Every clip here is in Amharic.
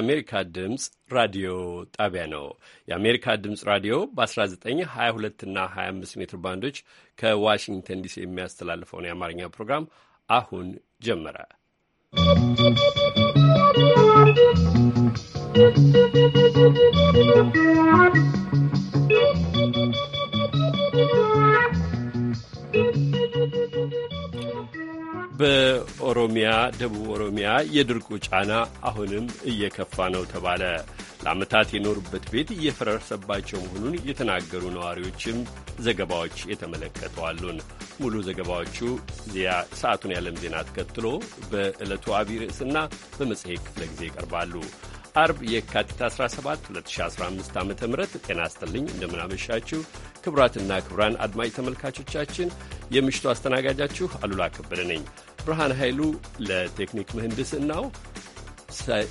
የአሜሪካ ድምፅ ራዲዮ ጣቢያ ነው። የአሜሪካ ድምፅ ራዲዮ በ1922 እና 25 ሜትር ባንዶች ከዋሽንግተን ዲሲ የሚያስተላልፈውን የአማርኛ ፕሮግራም አሁን ጀመረ። ¶¶ በኦሮሚያ ደቡብ ኦሮሚያ የድርቁ ጫና አሁንም እየከፋ ነው ተባለ። ለዓመታት የኖሩበት ቤት እየፈረሰባቸው መሆኑን የተናገሩ ነዋሪዎችም ዘገባዎች የተመለከተዋሉን። ሙሉ ዘገባዎቹ ዚያ ሰዓቱን የዓለም ዜና ተከትሎ በዕለቱ አቢይ ርዕስና በመጽሔት ክፍለ ጊዜ ይቀርባሉ። አርብ የካቲት 17 2015 ዓ ም ጤና ይስጥልኝ። እንደምናመሻችሁ ክቡራትና ክቡራን አድማጭ ተመልካቾቻችን፣ የምሽቱ አስተናጋጃችሁ አሉላ ከበደ ነኝ። ብርሃን ኃይሉ ለቴክኒክ ምህንድስናው፣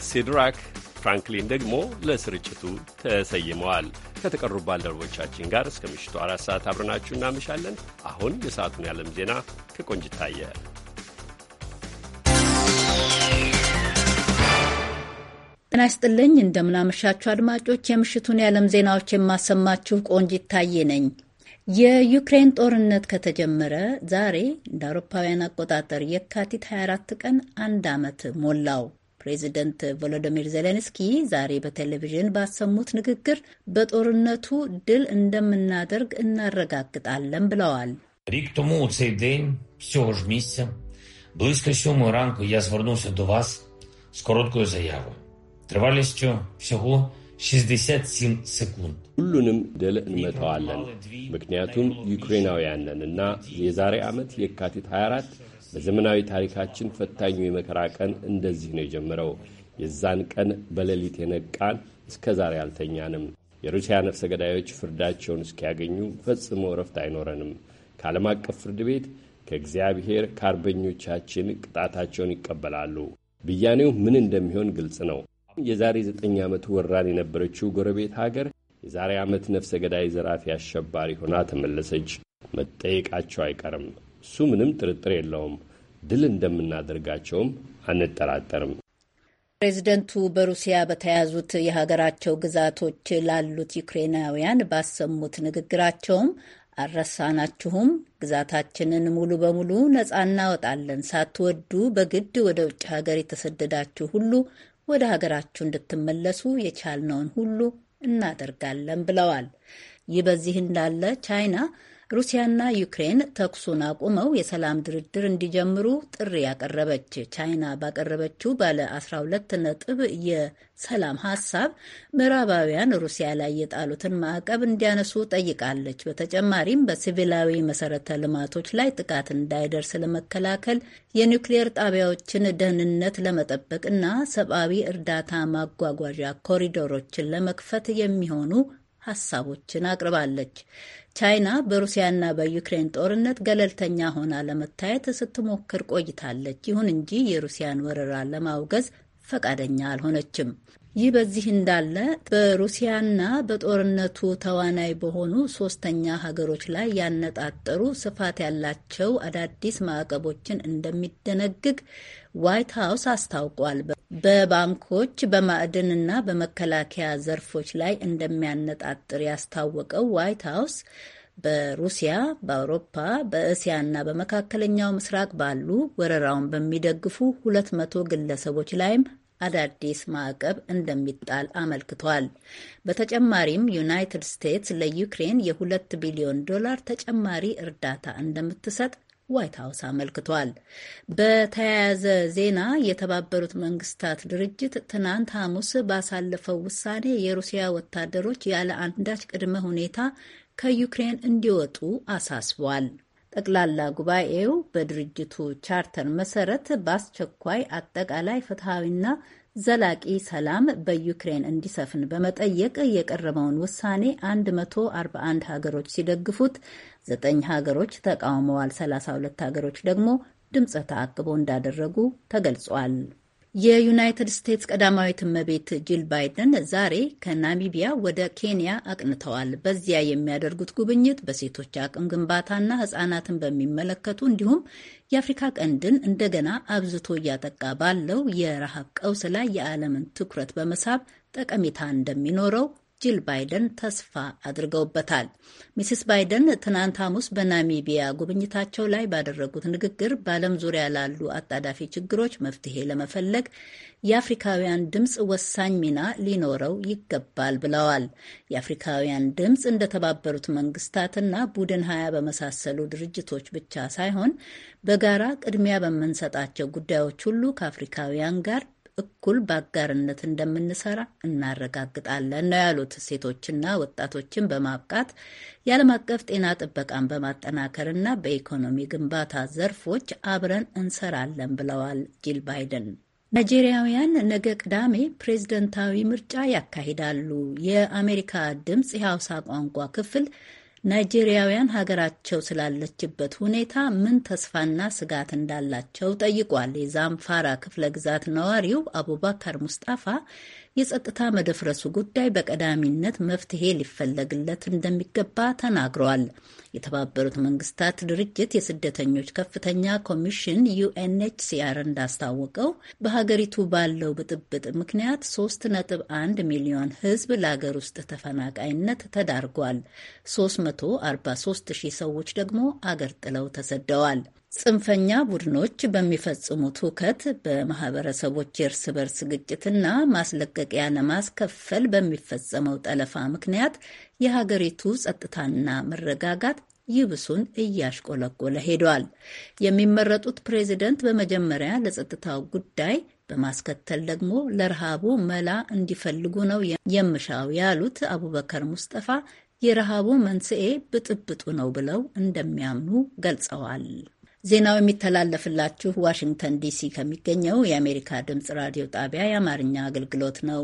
ሲድራክ ፍራንክሊን ደግሞ ለስርጭቱ ተሰይመዋል። ከተቀሩ ባልደረቦቻችን ጋር እስከ ምሽቱ አራት ሰዓት አብረናችሁ እናመሻለን። አሁን የሰዓቱን የዓለም ዜና ከቆንጅ ታየ። ጤና ይስጥልኝ። እንደምናመሻችሁ አድማጮች፣ የምሽቱን የዓለም ዜናዎች የማሰማችሁ ቆንጅ ታየ ነኝ። የዩክሬን ጦርነት ከተጀመረ ዛሬ እንደ አውሮፓውያን አቆጣጠር የካቲት 24 ቀን አንድ ዓመት ሞላው። ፕሬዚደንት ቮሎዲሚር ዜሌንስኪ ዛሬ በቴሌቪዥን ባሰሙት ንግግር በጦርነቱ ድል እንደምናደርግ እናረጋግጣለን ብለዋል። ሪክ тому у цей день цього ж місяця близько сьомої ранку я звернувся до вас з 67 секунд ሁሉንም ድል እንመታዋለን ምክንያቱም ዩክሬናውያን ነን እና የዛሬ ዓመት የካቲት 24 በዘመናዊ ታሪካችን ፈታኙ የመከራ ቀን እንደዚህ ነው የጀመረው። የዛን ቀን በሌሊት የነቃን እስከ ዛሬ አልተኛንም። የሩሲያ ነፍሰ ገዳዮች ፍርዳቸውን እስኪያገኙ ፈጽሞ እረፍት አይኖረንም። ከዓለም አቀፍ ፍርድ ቤት ከእግዚአብሔር ከአርበኞቻችን ቅጣታቸውን ይቀበላሉ። ብያኔው ምን እንደሚሆን ግልጽ ነው። የዛሬ ዘጠኝ ዓመት ወራን የነበረችው ጎረቤት ሀገር የዛሬ ዓመት ነፍሰ ገዳይ ዘራፊ አሸባሪ ሆና ተመለሰች። መጠየቃቸው አይቀርም። እሱ ምንም ጥርጥር የለውም። ድል እንደምናደርጋቸውም አንጠራጠርም። ፕሬዚደንቱ በሩሲያ በተያዙት የሀገራቸው ግዛቶች ላሉት ዩክሬናውያን ባሰሙት ንግግራቸውም አረሳናችሁም ግዛታችንን ሙሉ በሙሉ ነጻ እናወጣለን፣ ሳትወዱ በግድ ወደ ውጭ ሀገር የተሰደዳችሁ ሁሉ ወደ ሀገራችሁ እንድትመለሱ የቻልነውን ሁሉ እናደርጋለን ብለዋል። ይህ በዚህ እንዳለ ቻይና ሩሲያና ዩክሬን ተኩሱን አቁመው የሰላም ድርድር እንዲጀምሩ ጥሪ ያቀረበች ቻይና ባቀረበችው ባለ 12 ነጥብ የሰላም ሀሳብ ምዕራባውያን ሩሲያ ላይ የጣሉትን ማዕቀብ እንዲያነሱ ጠይቃለች። በተጨማሪም በሲቪላዊ መሰረተ ልማቶች ላይ ጥቃት እንዳይደርስ ለመከላከል የኒውክሌር ጣቢያዎችን ደህንነት ለመጠበቅ እና ሰብአዊ እርዳታ ማጓጓዣ ኮሪዶሮችን ለመክፈት የሚሆኑ ሀሳቦችን አቅርባለች። ቻይና በሩሲያና በዩክሬን ጦርነት ገለልተኛ ሆና ለመታየት ስትሞክር ቆይታለች። ይሁን እንጂ የሩሲያን ወረራ ለማውገዝ ፈቃደኛ አልሆነችም። ይህ በዚህ እንዳለ በሩሲያና በጦርነቱ ተዋናይ በሆኑ ሶስተኛ ሀገሮች ላይ ያነጣጠሩ ስፋት ያላቸው አዳዲስ ማዕቀቦችን እንደሚደነግግ ዋይት ሀውስ አስታውቋል። በባንኮች በማዕድንና በመከላከያ ዘርፎች ላይ እንደሚያነጣጥር ያስታወቀው ዋይት ሀውስ በሩሲያ በአውሮፓ በእስያና በመካከለኛው ምስራቅ ባሉ ወረራውን በሚደግፉ ሁለት መቶ ግለሰቦች ላይም አዳዲስ ማዕቀብ እንደሚጣል አመልክቷል። በተጨማሪም ዩናይትድ ስቴትስ ለዩክሬን የሁለት ቢሊዮን ዶላር ተጨማሪ እርዳታ እንደምትሰጥ ዋይት ሀውስ አመልክቷል። በተያያዘ ዜና የተባበሩት መንግስታት ድርጅት ትናንት ሐሙስ ባሳለፈው ውሳኔ የሩሲያ ወታደሮች ያለ አንዳች ቅድመ ሁኔታ ከዩክሬን እንዲወጡ አሳስቧል። ጠቅላላ ጉባኤው በድርጅቱ ቻርተር መሰረት በአስቸኳይ አጠቃላይ ፍትሐዊና ዘላቂ ሰላም በዩክሬን እንዲሰፍን በመጠየቅ የቀረበውን ውሳኔ 141 ሀገሮች ሲደግፉት፣ ዘጠኝ ሀገሮች ተቃውመዋል። 32 ሀገሮች ደግሞ ድምፀ ተአቅቦ እንዳደረጉ ተገልጿል። የዩናይትድ ስቴትስ ቀዳማዊት እመቤት ጂል ባይደን ዛሬ ከናሚቢያ ወደ ኬንያ አቅንተዋል። በዚያ የሚያደርጉት ጉብኝት በሴቶች አቅም ግንባታና ሕጻናትን በሚመለከቱ እንዲሁም የአፍሪካ ቀንድን እንደገና አብዝቶ እያጠቃ ባለው የረሃብ ቀውስ ላይ የዓለምን ትኩረት በመሳብ ጠቀሜታ እንደሚኖረው ጂል ባይደን ተስፋ አድርገውበታል። ሚስስ ባይደን ትናንት ሐሙስ በናሚቢያ ጉብኝታቸው ላይ ባደረጉት ንግግር በዓለም ዙሪያ ላሉ አጣዳፊ ችግሮች መፍትሄ ለመፈለግ የአፍሪካውያን ድምፅ ወሳኝ ሚና ሊኖረው ይገባል ብለዋል። የአፍሪካውያን ድምፅ እንደተባበሩት መንግስታትና ቡድን ሀያ በመሳሰሉ ድርጅቶች ብቻ ሳይሆን በጋራ ቅድሚያ በምንሰጣቸው ጉዳዮች ሁሉ ከአፍሪካውያን ጋር እኩል በአጋርነት እንደምንሰራ እናረጋግጣለን ነው ያሉት። ሴቶችና ወጣቶችን በማብቃት የዓለም አቀፍ ጤና ጥበቃን በማጠናከር እና በኢኮኖሚ ግንባታ ዘርፎች አብረን እንሰራለን ብለዋል ጂል ባይደን። ናይጄሪያውያን ነገ ቅዳሜ ፕሬዝደንታዊ ምርጫ ያካሂዳሉ። የአሜሪካ ድምፅ የሐውሳ ቋንቋ ክፍል ናይጄሪያውያን ሀገራቸው ስላለችበት ሁኔታ ምን ተስፋና ስጋት እንዳላቸው ጠይቋል። የዛምፋራ ክፍለ ግዛት ነዋሪው አቡባካር ሙስጣፋ የጸጥታ መደፍረሱ ጉዳይ በቀዳሚነት መፍትሄ ሊፈለግለት እንደሚገባ ተናግረዋል። የተባበሩት መንግስታት ድርጅት የስደተኞች ከፍተኛ ኮሚሽን ዩኤንኤችሲአር እንዳስታወቀው በሀገሪቱ ባለው ብጥብጥ ምክንያት 3.1 ሚሊዮን ሕዝብ ለሀገር ውስጥ ተፈናቃይነት ተዳርጓል። 343 ሺህ ሰዎች ደግሞ አገር ጥለው ተሰደዋል። ጽንፈኛ ቡድኖች በሚፈጽሙት ሁከት በማህበረሰቦች የእርስ በርስ ግጭትና ማስለቀቂያ ለማስከፈል በሚፈጸመው ጠለፋ ምክንያት የሀገሪቱ ጸጥታና መረጋጋት ይብሱን እያሽቆለቆለ ሄዷል። የሚመረጡት ፕሬዚደንት በመጀመሪያ ለጸጥታው ጉዳይ በማስከተል ደግሞ ለረሃቡ መላ እንዲፈልጉ ነው የምሻው ያሉት አቡበከር ሙስጠፋ የረሃቡ መንስኤ ብጥብጡ ነው ብለው እንደሚያምኑ ገልጸዋል። ዜናው የሚተላለፍላችሁ ዋሽንግተን ዲሲ ከሚገኘው የአሜሪካ ድምፅ ራዲዮ ጣቢያ የአማርኛ አገልግሎት ነው።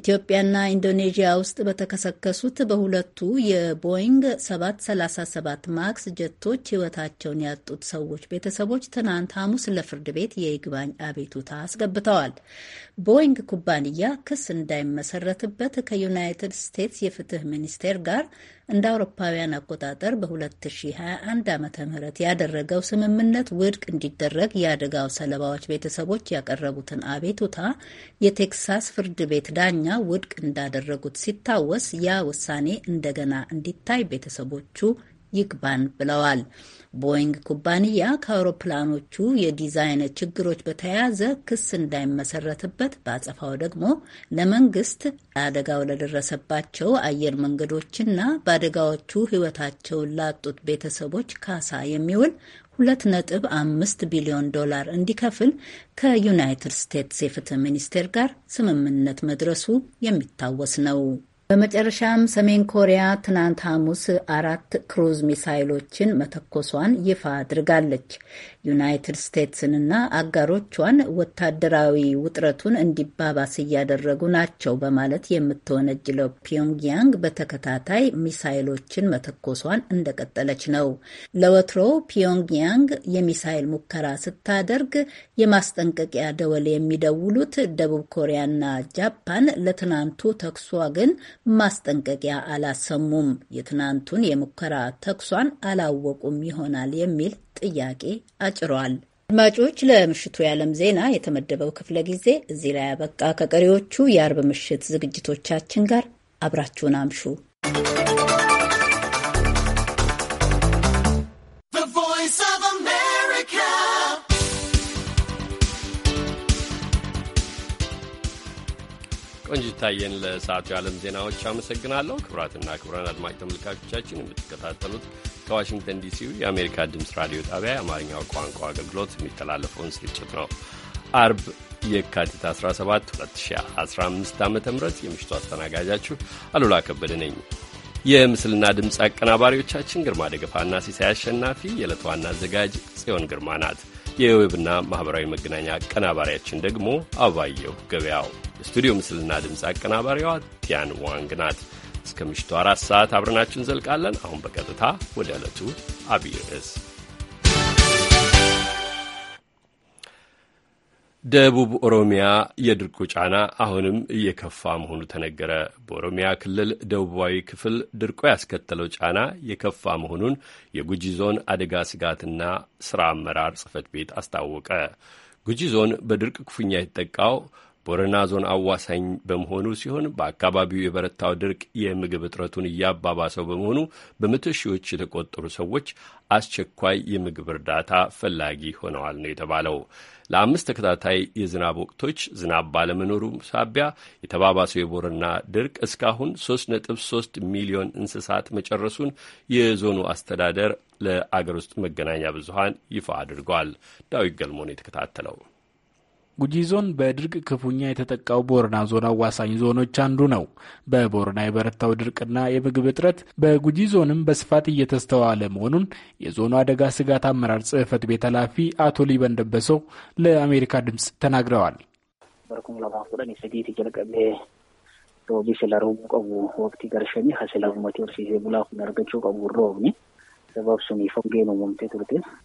ኢትዮጵያና ኢንዶኔዥያ ውስጥ በተከሰከሱት በሁለቱ የቦይንግ 737 ማክስ ጀቶች ሕይወታቸውን ያጡት ሰዎች ቤተሰቦች ትናንት ሐሙስ ለፍርድ ቤት የይግባኝ አቤቱታ አስገብተዋል። ቦይንግ ኩባንያ ክስ እንዳይመሰረትበት ከዩናይትድ ስቴትስ የፍትህ ሚኒስቴር ጋር እንደ አውሮፓውያን አቆጣጠር በ2021 ዓ ም ያደረገው ስምምነት ውድቅ እንዲደረግ የአደጋው ሰለባዎች ቤተሰቦች ያቀረቡትን አቤቱታ የቴክሳስ ፍርድ ቤት ዳኛ ውድቅ እንዳደረጉት ሲታወስ ያ ውሳኔ እንደገና እንዲታይ ቤተሰቦቹ ይግባን ብለዋል። ቦይንግ ኩባንያ ከአውሮፕላኖቹ የዲዛይን ችግሮች በተያያዘ ክስ እንዳይመሰረትበት በአጸፋው ደግሞ ለመንግስት አደጋው ለደረሰባቸው አየር መንገዶችና በአደጋዎቹ ሕይወታቸውን ላጡት ቤተሰቦች ካሳ የሚውል ሁለት ነጥብ አምስት ቢሊዮን ዶላር እንዲከፍል ከዩናይትድ ስቴትስ የፍትህ ሚኒስቴር ጋር ስምምነት መድረሱ የሚታወስ ነው። በመጨረሻም ሰሜን ኮሪያ ትናንት ሐሙስ አራት ክሩዝ ሚሳይሎችን መተኮሷን ይፋ አድርጋለች። ዩናይትድ ስቴትስንና አጋሮቿን ወታደራዊ ውጥረቱን እንዲባባስ እያደረጉ ናቸው በማለት የምትወነጅለው ፒዮንግያንግ በተከታታይ ሚሳይሎችን መተኮሷን እንደቀጠለች ነው። ለወትሮ ፒዮንግያንግ የሚሳይል ሙከራ ስታደርግ የማስጠንቀቂያ ደወል የሚደውሉት ደቡብ ኮሪያና ጃፓን፣ ለትናንቱ ተኩሷ ግን ማስጠንቀቂያ አላሰሙም። የትናንቱን የሙከራ ተኩሷን አላወቁም ይሆናል የሚል ጥያቄ አጭሯል። አድማጮች፣ ለምሽቱ የዓለም ዜና የተመደበው ክፍለ ጊዜ እዚህ ላይ አበቃ። ከቀሪዎቹ የአርብ ምሽት ዝግጅቶቻችን ጋር አብራችሁን አምሹ። ቆንጅታየን ለሰዓቱ የዓለም ዜናዎች አመሰግናለሁ። ክቡራትና ክቡራን አድማጭ ተመልካቾቻችን የምትከታተሉት ከዋሽንግተን ዲሲው የአሜሪካ ድምፅ ራዲዮ ጣቢያ የአማርኛው ቋንቋ አገልግሎት የሚተላለፈውን ስርጭት ነው። አርብ የካቲት 17 2015 ዓ ም የምሽቱ አስተናጋጃችሁ አሉላ ከበደ ነኝ። የምስልና ድምፅ አቀናባሪዎቻችን ግርማ ደገፋና ሲሳይ አሸናፊ፣ የዕለቱ ዋና አዘጋጅ ጽዮን ግርማ ናት። የዌብና ማኅበራዊ መገናኛ አቀናባሪያችን ደግሞ አባየሁ ገበያው፣ የስቱዲዮ ምስልና ድምፅ አቀናባሪዋ ቲያን ዋንግ ናት። እስከ ምሽቱ አራት ሰዓት አብረናችሁ እንዘልቃለን። አሁን በቀጥታ ወደ ዕለቱ አብይ ርዕስ ደቡብ ኦሮሚያ የድርቁ ጫና አሁንም እየከፋ መሆኑ ተነገረ። በኦሮሚያ ክልል ደቡባዊ ክፍል ድርቁ ያስከተለው ጫና የከፋ መሆኑን የጉጂ ዞን አደጋ ስጋትና ስራ አመራር ጽህፈት ቤት አስታወቀ። ጉጂ ዞን በድርቅ ክፉኛ የተጠቃው ቦረና ዞን አዋሳኝ በመሆኑ ሲሆን በአካባቢው የበረታው ድርቅ የምግብ እጥረቱን እያባባሰው በመሆኑ በመቶ ሺዎች የተቆጠሩ ሰዎች አስቸኳይ የምግብ እርዳታ ፈላጊ ሆነዋል ነው የተባለው። ለአምስት ተከታታይ የዝናብ ወቅቶች ዝናብ ባለመኖሩ ሳቢያ የተባባሰው የቦረና ድርቅ እስካሁን 3.3 ሚሊዮን እንስሳት መጨረሱን የዞኑ አስተዳደር ለአገር ውስጥ መገናኛ ብዙኃን ይፋ አድርጓል። ዳዊት ገልሞ የተከታተለው። ጉጂ ዞን በድርቅ ክፉኛ የተጠቃው ቦረና ዞን አዋሳኝ ዞኖች አንዱ ነው። በቦረና የበረታው ድርቅና የምግብ እጥረት በጉጂ ዞንም በስፋት እየተስተዋለ መሆኑን የዞኑ አደጋ ስጋት አመራር ጽህፈት ቤት ኃላፊ አቶ ሊበን ደበሰው ለአሜሪካ ድምፅ ተናግረዋል።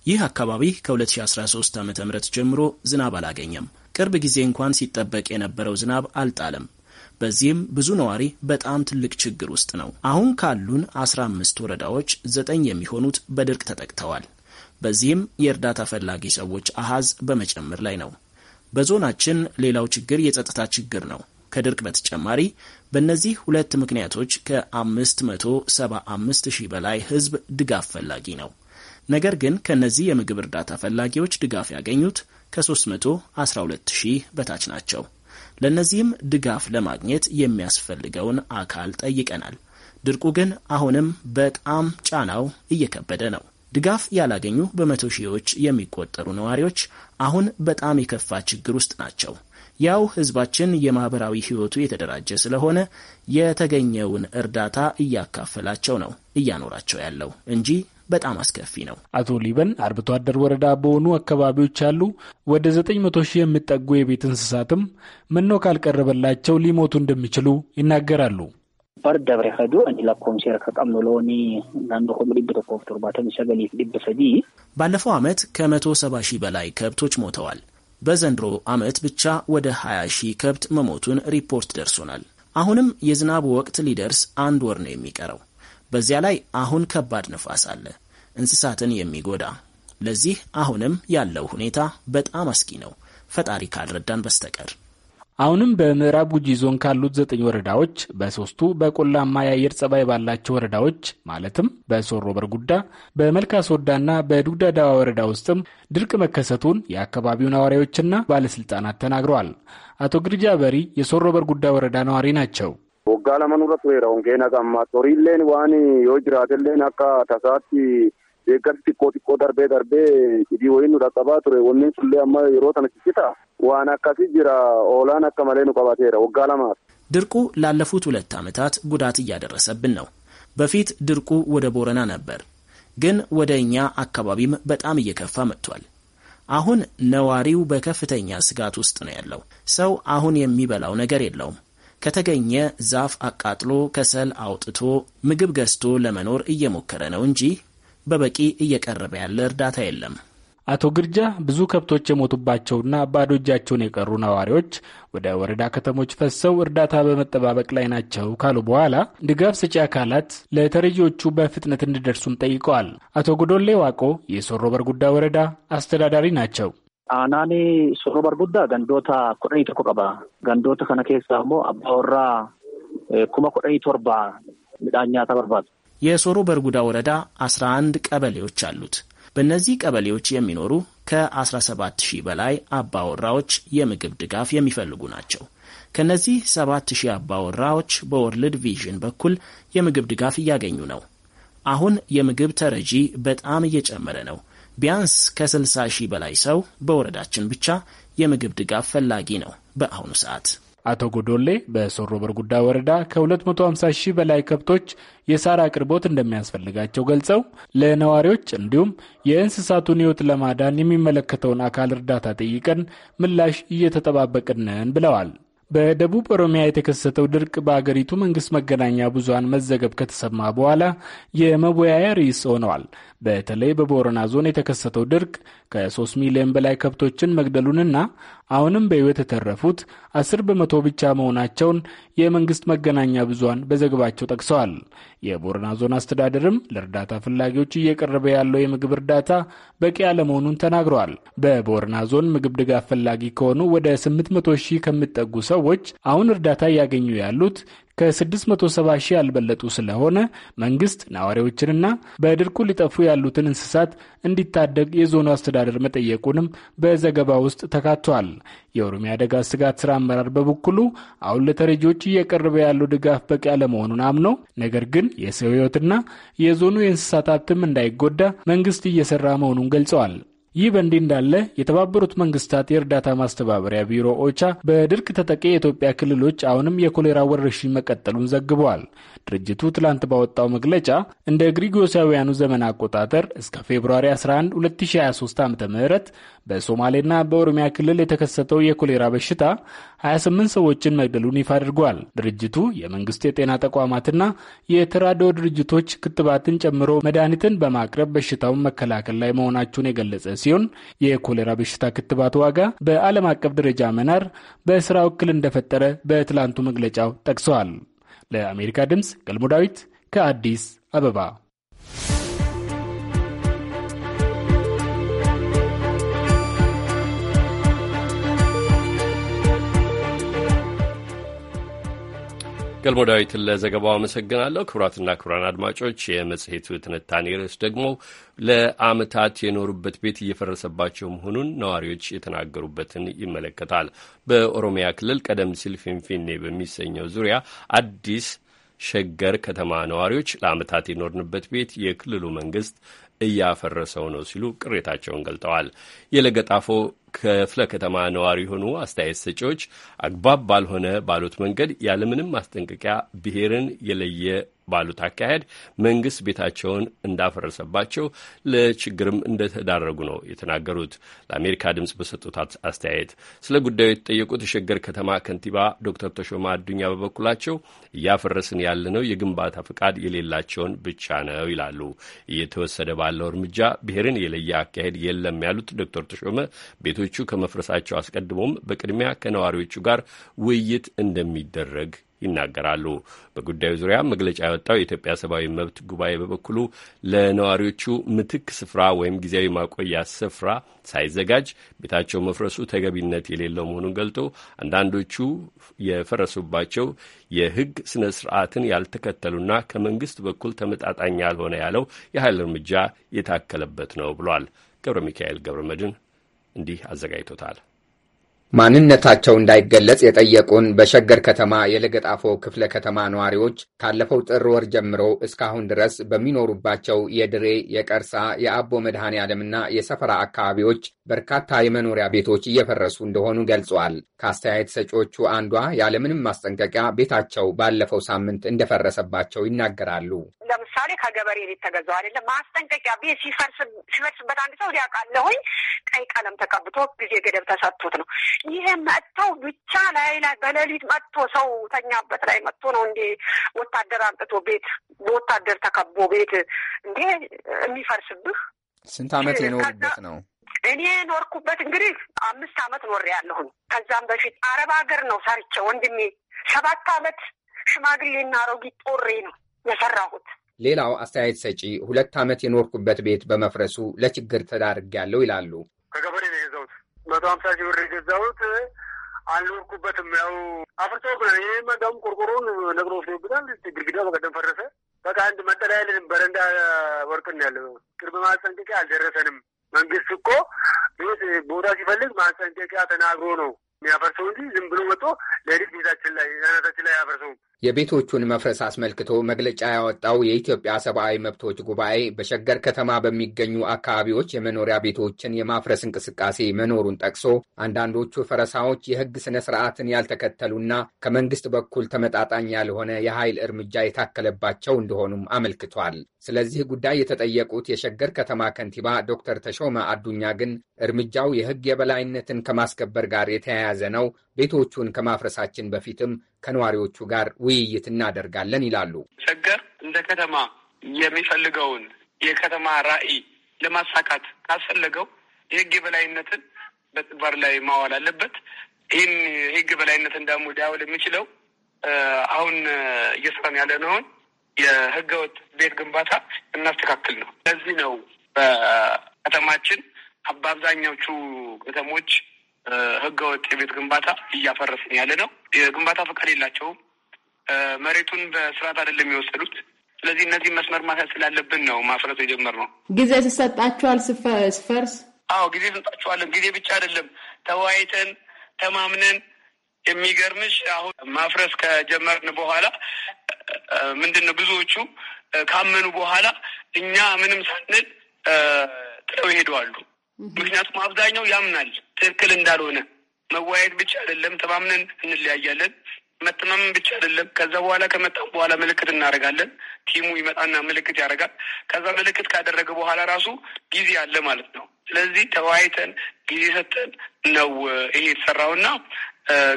ይህ አካባቢ ከ2013 ዓ ም ጀምሮ ዝናብ አላገኘም። ቅርብ ጊዜ እንኳን ሲጠበቅ የነበረው ዝናብ አልጣለም። በዚህም ብዙ ነዋሪ በጣም ትልቅ ችግር ውስጥ ነው። አሁን ካሉን 15 ወረዳዎች ዘጠኝ የሚሆኑት በድርቅ ተጠቅተዋል። በዚህም የእርዳታ ፈላጊ ሰዎች አሃዝ በመጨመር ላይ ነው። በዞናችን ሌላው ችግር የጸጥታ ችግር ነው። ከድርቅ በተጨማሪ በእነዚህ ሁለት ምክንያቶች ከ575 ሺህ በላይ ሕዝብ ድጋፍ ፈላጊ ነው። ነገር ግን ከእነዚህ የምግብ እርዳታ ፈላጊዎች ድጋፍ ያገኙት ከ312 ሺህ በታች ናቸው። ለእነዚህም ድጋፍ ለማግኘት የሚያስፈልገውን አካል ጠይቀናል። ድርቁ ግን አሁንም በጣም ጫናው እየከበደ ነው። ድጋፍ ያላገኙ በመቶ ሺዎች የሚቆጠሩ ነዋሪዎች አሁን በጣም የከፋ ችግር ውስጥ ናቸው። ያው ሕዝባችን የማህበራዊ ሕይወቱ የተደራጀ ስለሆነ የተገኘውን እርዳታ እያካፈላቸው ነው እያኖራቸው ያለው እንጂ በጣም አስከፊ ነው። አቶ ሊበን አርብቶ አደር ወረዳ በሆኑ አካባቢዎች አሉ ወደ 900 ሺህ የሚጠጉ የቤት እንስሳትም መኖ ካልቀረበላቸው ሊሞቱ እንደሚችሉ ይናገራሉ። ላኮምሴር ከቀምኖ ለሆኒ ናንዶ ተኮፍ ባለፈው ዓመት ከመቶ ሰባ ሺህ በላይ ከብቶች ሞተዋል። በዘንድሮ ዓመት ብቻ ወደ 20 ሺህ ከብት መሞቱን ሪፖርት ደርሶናል። አሁንም የዝናቡ ወቅት ሊደርስ አንድ ወር ነው የሚቀረው። በዚያ ላይ አሁን ከባድ ንፋስ አለ፣ እንስሳትን የሚጎዳ ለዚህ አሁንም ያለው ሁኔታ በጣም አስጊ ነው፣ ፈጣሪ ካልረዳን በስተቀር። አሁንም በምዕራብ ጉጂ ዞን ካሉት ዘጠኝ ወረዳዎች በሶስቱ በቆላማ የአየር ጸባይ ባላቸው ወረዳዎች ማለትም በሶሮ በርጉዳ፣ በመልካ ሶዳና በዱግዳ ዳዋ ወረዳ ውስጥም ድርቅ መከሰቱን የአካባቢው ነዋሪዎችና ባለስልጣናት ተናግረዋል። አቶ ግርጃ በሪ የሶሮ በርጉዳ ወረዳ ነዋሪ ናቸው። waggaa lama nurra tureera hongeen akka ammaa horiilleen waan yoo jiraatelleen akka tasaatti deeggarsi xiqqoo xiqqoo darbee darbee hidii wayii nu dhaqqabaa ture wanneen sullee amma yeroo sana ciccita waan akkasii jira oolaan akka malee nu qabateera waggaa lamaaf. ድርቁ ላለፉት ሁለት ዓመታት ጉዳት እያደረሰብን ነው። በፊት ድርቁ ወደ ቦረና ነበር፣ ግን ወደ እኛ አካባቢም በጣም እየከፋ መጥቷል። አሁን ነዋሪው በከፍተኛ ስጋት ውስጥ ነው ያለው። ሰው አሁን የሚበላው ነገር የለውም። ከተገኘ ዛፍ አቃጥሎ ከሰል አውጥቶ ምግብ ገዝቶ ለመኖር እየሞከረ ነው እንጂ በበቂ እየቀረበ ያለ እርዳታ የለም። አቶ ግርጃ ብዙ ከብቶች የሞቱባቸውና ባዶ እጃቸውን የቀሩ ነዋሪዎች ወደ ወረዳ ከተሞች ፈሰው እርዳታ በመጠባበቅ ላይ ናቸው ካሉ በኋላ ድጋፍ ሰጪ አካላት ለተረጂዎቹ በፍጥነት እንዲደርሱም ጠይቀዋል። አቶ ጎዶሌ ዋቆ የሶሮ በርጉዳ ወረዳ አስተዳዳሪ ናቸው። Aanaan soro barguddaa gandoota kudhanii tokko qaba. Gandoota kana keessaa immoo abbaa warraa kuma kudhanii torba midhaan nyaataa barbaadu. የሶሮ በርጉዳ ወረዳ 11 ቀበሌዎች አሉት። በእነዚህ ቀበሌዎች የሚኖሩ ከ17 ሺህ በላይ አባወራዎች የምግብ ድጋፍ የሚፈልጉ ናቸው። ከእነዚህ 7 ሺህ አባወራዎች በወርልድ ቪዥን በኩል የምግብ ድጋፍ እያገኙ ነው። አሁን የምግብ ተረጂ በጣም እየጨመረ ነው። ቢያንስ ከ60 ሺህ በላይ ሰው በወረዳችን ብቻ የምግብ ድጋፍ ፈላጊ ነው በአሁኑ ሰዓት። አቶ ጎዶሌ በሶሮ በርጉዳ ወረዳ ከ250 ሺህ በላይ ከብቶች የሳር አቅርቦት እንደሚያስፈልጋቸው ገልጸው ለነዋሪዎች እንዲሁም የእንስሳቱን ሕይወት ለማዳን የሚመለከተውን አካል እርዳታ ጠይቀን ምላሽ እየተጠባበቅንን ብለዋል። በደቡብ ኦሮሚያ የተከሰተው ድርቅ በአገሪቱ መንግስት መገናኛ ብዙሃን መዘገብ ከተሰማ በኋላ የመወያያ ርዕስ ሆነዋል። በተለይ በቦረና ዞን የተከሰተው ድርቅ ከ3 ሚሊዮን በላይ ከብቶችን መግደሉንና አሁንም በሕይወት የተረፉት 10 በመቶ ብቻ መሆናቸውን የመንግስት መገናኛ ብዙሃን በዘገባቸው ጠቅሰዋል። የቦረና ዞን አስተዳደርም ለእርዳታ ፈላጊዎች እየቀረበ ያለው የምግብ እርዳታ በቂ አለመሆኑን ተናግረዋል። በቦረና ዞን ምግብ ድጋፍ ፈላጊ ከሆኑ ወደ 800 ሺህ ከሚጠጉ ሰዎች አሁን እርዳታ እያገኙ ያሉት ከ670 ሺህ ያልበለጡ ስለሆነ መንግስት ነዋሪዎችንና በድርቁ ሊጠፉ ያሉትን እንስሳት እንዲታደግ የዞኑ አስተዳደር መጠየቁንም በዘገባ ውስጥ ተካቷል። የኦሮሚያ አደጋ ስጋት ስራ አመራር በበኩሉ አሁን ለተረጂዎች እየቀረበ ያለው ድጋፍ በቂ አለመሆኑን አምኖ ነገር ግን የሰው ህይወትና የዞኑ የእንስሳት ሀብትም እንዳይጎዳ መንግስት እየሰራ መሆኑን ገልጸዋል። ይህ በእንዲህ እንዳለ የተባበሩት መንግስታት የእርዳታ ማስተባበሪያ ቢሮ ኦቻ በድርቅ ተጠቂ የኢትዮጵያ ክልሎች አሁንም የኮሌራ ወረርሽኝ መቀጠሉን ዘግበዋል። ድርጅቱ ትላንት ባወጣው መግለጫ እንደ ግሪጎሳውያኑ ዘመን አቆጣጠር እስከ ፌብሩዋሪ 11 2023 ዓ ም በሶማሌና በኦሮሚያ ክልል የተከሰተው የኮሌራ በሽታ 28 ሰዎችን መግደሉን ይፋ አድርጓል። ድርጅቱ የመንግስት የጤና ተቋማትና የተራድኦ ድርጅቶች ክትባትን ጨምሮ መድኃኒትን በማቅረብ በሽታውን መከላከል ላይ መሆናቸውን የገለጸ ሲሆን የኮሌራ በሽታ ክትባት ዋጋ በዓለም አቀፍ ደረጃ መናር በስራ እክል እንደፈጠረ በትላንቱ መግለጫው ጠቅሰዋል። ለአሜሪካ ድምፅ ገልሞ ዳዊት ከአዲስ አበባ ገልሞ ዳዊትን ለዘገባው አመሰግናለሁ። ክቡራትና ክቡራን አድማጮች የመጽሔቱ ትንታኔ ርዕስ ደግሞ ለዓመታት የኖሩበት ቤት እየፈረሰባቸው መሆኑን ነዋሪዎች የተናገሩበትን ይመለከታል። በኦሮሚያ ክልል ቀደም ሲል ፊንፊኔ በሚሰኘው ዙሪያ አዲስ ሸገር ከተማ ነዋሪዎች ለዓመታት የኖርንበት ቤት የክልሉ መንግስት እያፈረሰው ነው ሲሉ ቅሬታቸውን ገልጠዋል። የለገጣፎ ክፍለ ከተማ ነዋሪ የሆኑ አስተያየት ሰጪዎች አግባብ ባልሆነ ባሉት መንገድ ያለምንም ማስጠንቀቂያ ብሔርን የለየ ባሉት አካሄድ መንግስት ቤታቸውን እንዳፈረሰባቸው ለችግርም እንደተዳረጉ ነው የተናገሩት። ለአሜሪካ ድምፅ በሰጡት አስተያየት ስለ ጉዳዩ የተጠየቁት የሸገር ከተማ ከንቲባ ዶክተር ተሾማ አዱኛ በበኩላቸው እያፈረስን ያለነው የግንባታ ፈቃድ የሌላቸውን ብቻ ነው ይላሉ። እየተወሰደ ባለው እርምጃ ብሔርን የለየ አካሄድ የለም ያሉት ዶክተር ተሾመ ቤቶቹ ከመፍረሳቸው አስቀድሞም በቅድሚያ ከነዋሪዎቹ ጋር ውይይት እንደሚደረግ ይናገራሉ። በጉዳዩ ዙሪያ መግለጫ ያወጣው የኢትዮጵያ ሰብአዊ መብት ጉባኤ በበኩሉ ለነዋሪዎቹ ምትክ ስፍራ ወይም ጊዜያዊ ማቆያ ስፍራ ሳይዘጋጅ ቤታቸው መፍረሱ ተገቢነት የሌለው መሆኑን ገልጦ አንዳንዶቹ የፈረሱባቸው የሕግ ስነ ስርዓትን ያልተከተሉና ከመንግስት በኩል ተመጣጣኝ ያልሆነ ያለው የኃይል እርምጃ የታከለበት ነው ብሏል። ገብረ ሚካኤል ገብረ መድን እንዲህ አዘጋጅቶታል። ማንነታቸው እንዳይገለጽ የጠየቁን በሸገር ከተማ የለገጣፎ ክፍለ ከተማ ነዋሪዎች ካለፈው ጥር ወር ጀምሮ እስካሁን ድረስ በሚኖሩባቸው የድሬ፣ የቀርሳ፣ የአቦ መድኃኔ ዓለምና የሰፈራ አካባቢዎች በርካታ የመኖሪያ ቤቶች እየፈረሱ እንደሆኑ ገልጸዋል። ከአስተያየት ሰጪዎቹ አንዷ ያለምንም ማስጠንቀቂያ ቤታቸው ባለፈው ሳምንት እንደፈረሰባቸው ይናገራሉ። ለምሳሌ ከገበሬ ቤት ተገዛው አይደለም ማስጠንቀቂያ ቤት ሲፈርስበት አንድ ሰው ሊያውቃለሁኝ ቀይ ቀለም ተቀብቶ ጊዜ ገደብ ተሰጥቶት ነው ይሄ መጥተው ብቻ ላይ ላይ በሌሊት መጥቶ ሰው ተኛበት ላይ መጥቶ ነው እንዴ ወታደር አምጥቶ ቤት በወታደር ተከቦ ቤት እንዴ የሚፈርስብህ? ስንት አመት የኖሩበት ነው? እኔ ኖርኩበት እንግዲህ አምስት አመት ኖሬ ያለሁኝ። ከዛም በፊት አረብ ሀገር ነው ሰርቼ ወንድሜ ሰባት አመት ሽማግሌና አሮጊት ጦሬ ነው የሰራሁት። ሌላው አስተያየት ሰጪ ሁለት አመት የኖርኩበት ቤት በመፍረሱ ለችግር ተዳርጌያለሁ ይላሉ። ከገበሬ ነው የገዛው መቶ ሀምሳ ሺህ ብር የገዛሁት አልኖርኩበትም። ያው አፍርሶ ይህ መዳሙ ቆርቆሮን ነቅሎ ወስዶብናል። ግድግዳ በቀደም ፈረሰ። በቃ አንድ መጠለያ የለንም። በረንዳ ወርቅን ያለ ቅርብ ማስጠንቀቂያ አልደረሰንም። መንግስት እኮ ቤት ቦታ ሲፈልግ ማስጠንቀቂያ ተናግሮ ነው የሚያፈርሰው እንጂ ዝም ብሎ ወጥቶ ለዲት ቤታችን ላይ አናታችን ላይ አያፈርሰውም። የቤቶቹን መፍረስ አስመልክቶ መግለጫ ያወጣው የኢትዮጵያ ሰብአዊ መብቶች ጉባኤ በሸገር ከተማ በሚገኙ አካባቢዎች የመኖሪያ ቤቶችን የማፍረስ እንቅስቃሴ መኖሩን ጠቅሶ አንዳንዶቹ ፈረሳዎች የሕግ ስነ ስርዓትን ያልተከተሉና ከመንግስት በኩል ተመጣጣኝ ያልሆነ የኃይል እርምጃ የታከለባቸው እንደሆኑም አመልክቷል። ስለዚህ ጉዳይ የተጠየቁት የሸገር ከተማ ከንቲባ ዶክተር ተሾመ አዱኛ ግን እርምጃው የሕግ የበላይነትን ከማስከበር ጋር የተያያዘ ነው፣ ቤቶቹን ከማፍረሳችን በፊትም ከነዋሪዎቹ ጋር ውይይት እናደርጋለን ይላሉ። ሸገር እንደ ከተማ የሚፈልገውን የከተማ ራዕይ ለማሳካት ካስፈለገው የህግ የበላይነትን በተግባር ላይ ማዋል አለበት። ይህን የህግ የበላይነትን ደግሞ ሊያውል የሚችለው አሁን እየሰራን ያለነውን የህገወጥ ቤት ግንባታ እናስተካክል ነው። ለዚህ ነው በከተማችን በአብዛኛዎቹ ከተሞች ህገወጥ የቤት ግንባታ እያፈረስን ያለ ነው። የግንባታ ፈቃድ የላቸውም። መሬቱን በስርዓት አይደለም የወሰዱት። ስለዚህ እነዚህ መስመር ማሳት ስላለብን ነው ማፍረሱ የጀመርነው። ጊዜ ስሰጣችኋል ስፈርስ? አዎ ጊዜ ስንጣችኋለን። ጊዜ ብቻ አይደለም ተወያይተን ተማምነን የሚገርምሽ አሁን ማፍረስ ከጀመርን በኋላ ምንድን ነው ብዙዎቹ ካመኑ በኋላ እኛ ምንም ሳንል ጥለው ይሄደዋሉ። ምክንያቱም አብዛኛው ያምናል። ትክክል እንዳልሆነ መወያየት ብቻ አይደለም። ተማምነን እንለያያለን። መተማመን ብቻ አይደለም። ከዛ በኋላ ከመጣም በኋላ ምልክት እናደርጋለን። ቲሙ ይመጣና ምልክት ያደርጋል። ከዛ ምልክት ካደረገ በኋላ ራሱ ጊዜ አለ ማለት ነው። ስለዚህ ተወያይተን ጊዜ ሰጥተን ነው ይሄ የተሰራውና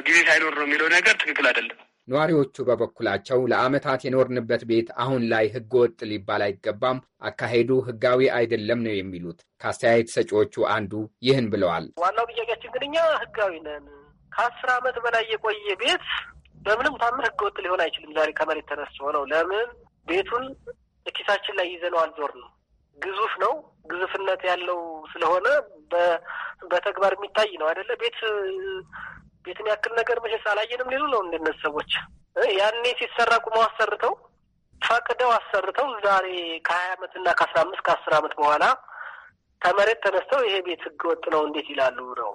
ጊዜ ሳይኖር ነው የሚለው ነገር ትክክል አይደለም። ነዋሪዎቹ በበኩላቸው ለዓመታት የኖርንበት ቤት አሁን ላይ ህገወጥ ሊባል አይገባም፣ አካሄዱ ህጋዊ አይደለም ነው የሚሉት። ከአስተያየት ሰጪዎቹ አንዱ ይህን ብለዋል። ዋናው ጥያቄያችን ግን እኛ ህጋዊ ነን። ከአስር ዓመት በላይ የቆየ ቤት በምንም ታምር ህገወጥ ሊሆን አይችልም። ዛሬ ከመሬት ተነስቶ ነው። ለምን ቤቱን ኪሳችን ላይ ይዘነው ነው ግዙፍ ነው። ግዙፍነት ያለው ስለሆነ በተግባር የሚታይ ነው አይደለ? ቤት ቤትን ያክል ነገር መሸስ አላየንም ሊሉ ነው እንደነት ሰዎች። ያኔ ሲሰራ ቁመው አሰርተው ፈቅደው አሰርተው ዛሬ ከሀያ አመት እና ከአስራ አምስት ከአስር አመት በኋላ ከመሬት ተነስተው ይሄ ቤት ህገ ወጥ ነው እንዴት ይላሉ? ነው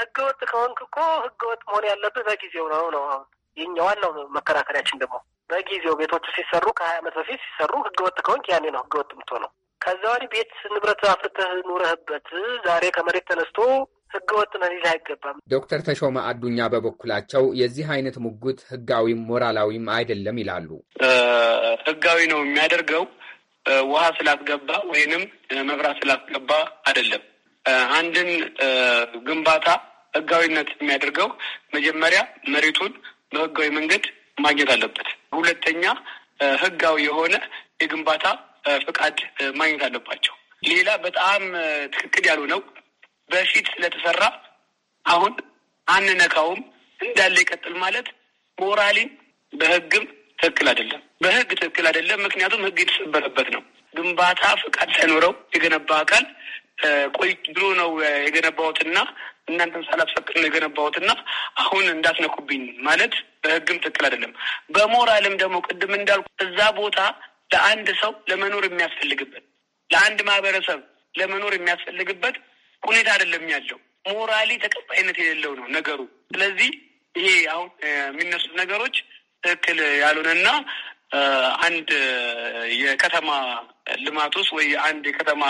ህገ ወጥ ከሆንክ እኮ ህገ ወጥ መሆን ያለብህ በጊዜው ነው ነው አሁን የኛ ዋናው መከራከሪያችን ደግሞ በጊዜው ቤቶቹ ሲሰሩ ከሀያ አመት በፊት ሲሰሩ ህገ ወጥ ከሆንክ ያኔ ነው ህገ ወጥ ምቶ ነው። ከዛ ወዲህ ቤት ንብረት አፍርተህ ኑረህበት ዛሬ ከመሬት ተነስቶ ህገወጥ ነው ሊል አይገባም። ዶክተር ተሾመ አዱኛ በበኩላቸው የዚህ አይነት ሙግት ህጋዊም ሞራላዊም አይደለም ይላሉ። ህጋዊ ነው የሚያደርገው ውሃ ስላስገባ ወይንም መብራት ስላስገባ አይደለም። አንድን ግንባታ ህጋዊነት የሚያደርገው መጀመሪያ መሬቱን በህጋዊ መንገድ ማግኘት አለበት። ሁለተኛ ህጋዊ የሆነ የግንባታ ፍቃድ ማግኘት አለባቸው። ሌላ በጣም ትክክል ያልሆነው በፊት ስለተሰራ አሁን አንነካውም እንዳለ ይቀጥል ማለት ሞራሊም በህግም ትክክል አይደለም። በህግ ትክክል አይደለም። ምክንያቱም ህግ የተሰበረበት ነው። ግንባታ ፍቃድ ሳይኖረው የገነባ አካል ቆይ ድሮ ነው የገነባሁትና እናንተም ሳላፈቅድ ነው የገነባሁትና አሁን እንዳትነኩብኝ ማለት በህግም ትክክል አይደለም። በሞራልም ደግሞ ቅድም እንዳልኩ እዛ ቦታ ለአንድ ሰው ለመኖር የሚያስፈልግበት ለአንድ ማህበረሰብ ለመኖር የሚያስፈልግበት ሁኔታ አይደለም ያለው። ሞራሊ ተቀባይነት የሌለው ነው ነገሩ። ስለዚህ ይሄ አሁን የሚነሱት ነገሮች ትክክል ያልሆነና አንድ የከተማ ልማት ውስጥ ወይ አንድ የከተማ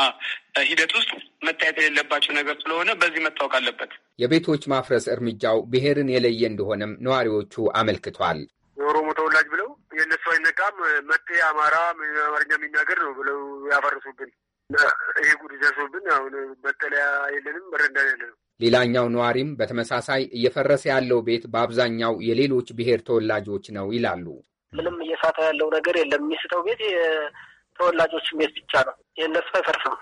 ሂደት ውስጥ መታየት የሌለባቸው ነገር ስለሆነ በዚህ መታወቅ አለበት። የቤቶች ማፍረስ እርምጃው ብሔርን የለየ እንደሆነም ነዋሪዎቹ አመልክቷል። የኦሮሞ ተወላጅ ብለው የእነሱ አይነቃም መጤ አማራ አማርኛ የሚናገር ነው ብለው ያፈርሱብን ይሄ ጉድ ደርሶብን አሁን መጠለያ የለንም፣ መረዳ የለንም። ሌላኛው ነዋሪም በተመሳሳይ እየፈረሰ ያለው ቤት በአብዛኛው የሌሎች ብሔር ተወላጆች ነው ይላሉ። ምንም እየሳተ ያለው ነገር የለም። የሚስተው ቤት የተወላጆች ቤት ብቻ ነው። የእነሱ አይፈርስም።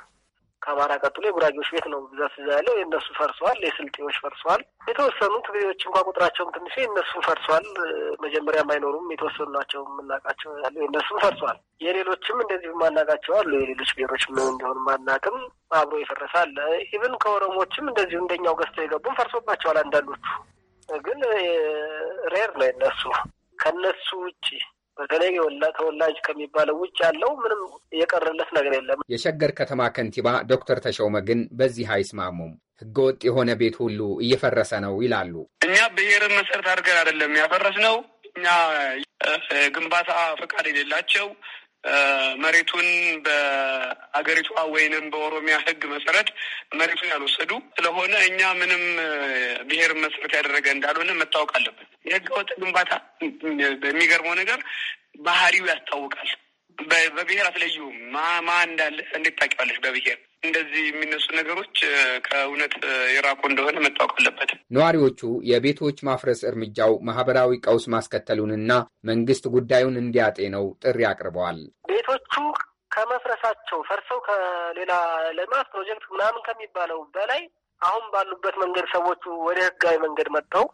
ከአማራ ቀጥሎ የጉራጌዎች ቤት ነው ብዛት እዛ ያለው። የእነሱ ፈርሰዋል። የስልጤዎች ፈርሰዋል። የተወሰኑት ቤቶች እንኳ ቁጥራቸውም ትንሽ እነሱም ፈርሰዋል። መጀመሪያም አይኖሩም። የተወሰኑ ናቸው የምናውቃቸው ያለ የእነሱም ፈርሰዋል። የሌሎችም እንደዚሁ ማናቃቸው አሉ። የሌሎች ብሔሮች ምን እንዲሆን ማናቅም አብሮ ይፈረሳል አለ። ኢብን ከኦሮሞዎችም እንደዚሁ እንደኛው ገዝተው የገቡም ፈርሶባቸዋል። አንዳንዶቹ ግን ሬር ነው የነሱ ከነሱ ውጭ በተለይ ተወላጅ ከሚባለው ውጭ ያለው ምንም የቀረለት ነገር የለም። የሸገር ከተማ ከንቲባ ዶክተር ተሾመ ግን በዚህ አይስማሙም። ህገወጥ የሆነ ቤት ሁሉ እየፈረሰ ነው ይላሉ። እኛ ብሔርን መሰረት አድርገን አይደለም ያፈረስ ነው። እኛ ግንባታ ፈቃድ የሌላቸው መሬቱን በአገሪቷ ወይንም በኦሮሚያ ሕግ መሰረት መሬቱን ያልወሰዱ ስለሆነ እኛ ምንም ብሔር መሰረት ያደረገ እንዳልሆነ መታወቅ አለብን። ወጥ ግንባታ በሚገርመው ነገር ባህሪው ያስታውቃል። በብሔር አትለዩ ማ እንዳለ እንዴት ታውቂዋለሽ? በብሔር እንደዚህ የሚነሱ ነገሮች ከእውነት የራቁ እንደሆነ መታወቅ አለበት። ነዋሪዎቹ የቤቶች ማፍረስ እርምጃው ማህበራዊ ቀውስ ማስከተሉንና መንግስት ጉዳዩን እንዲያጤነው ጥሪ አቅርበዋል። ቤቶቹ ከመፍረሳቸው ፈርሰው ከሌላ ልማት ፕሮጀክት ምናምን ከሚባለው በላይ አሁን ባሉበት መንገድ ሰዎቹ ወደ ህጋዊ መንገድ መጥተው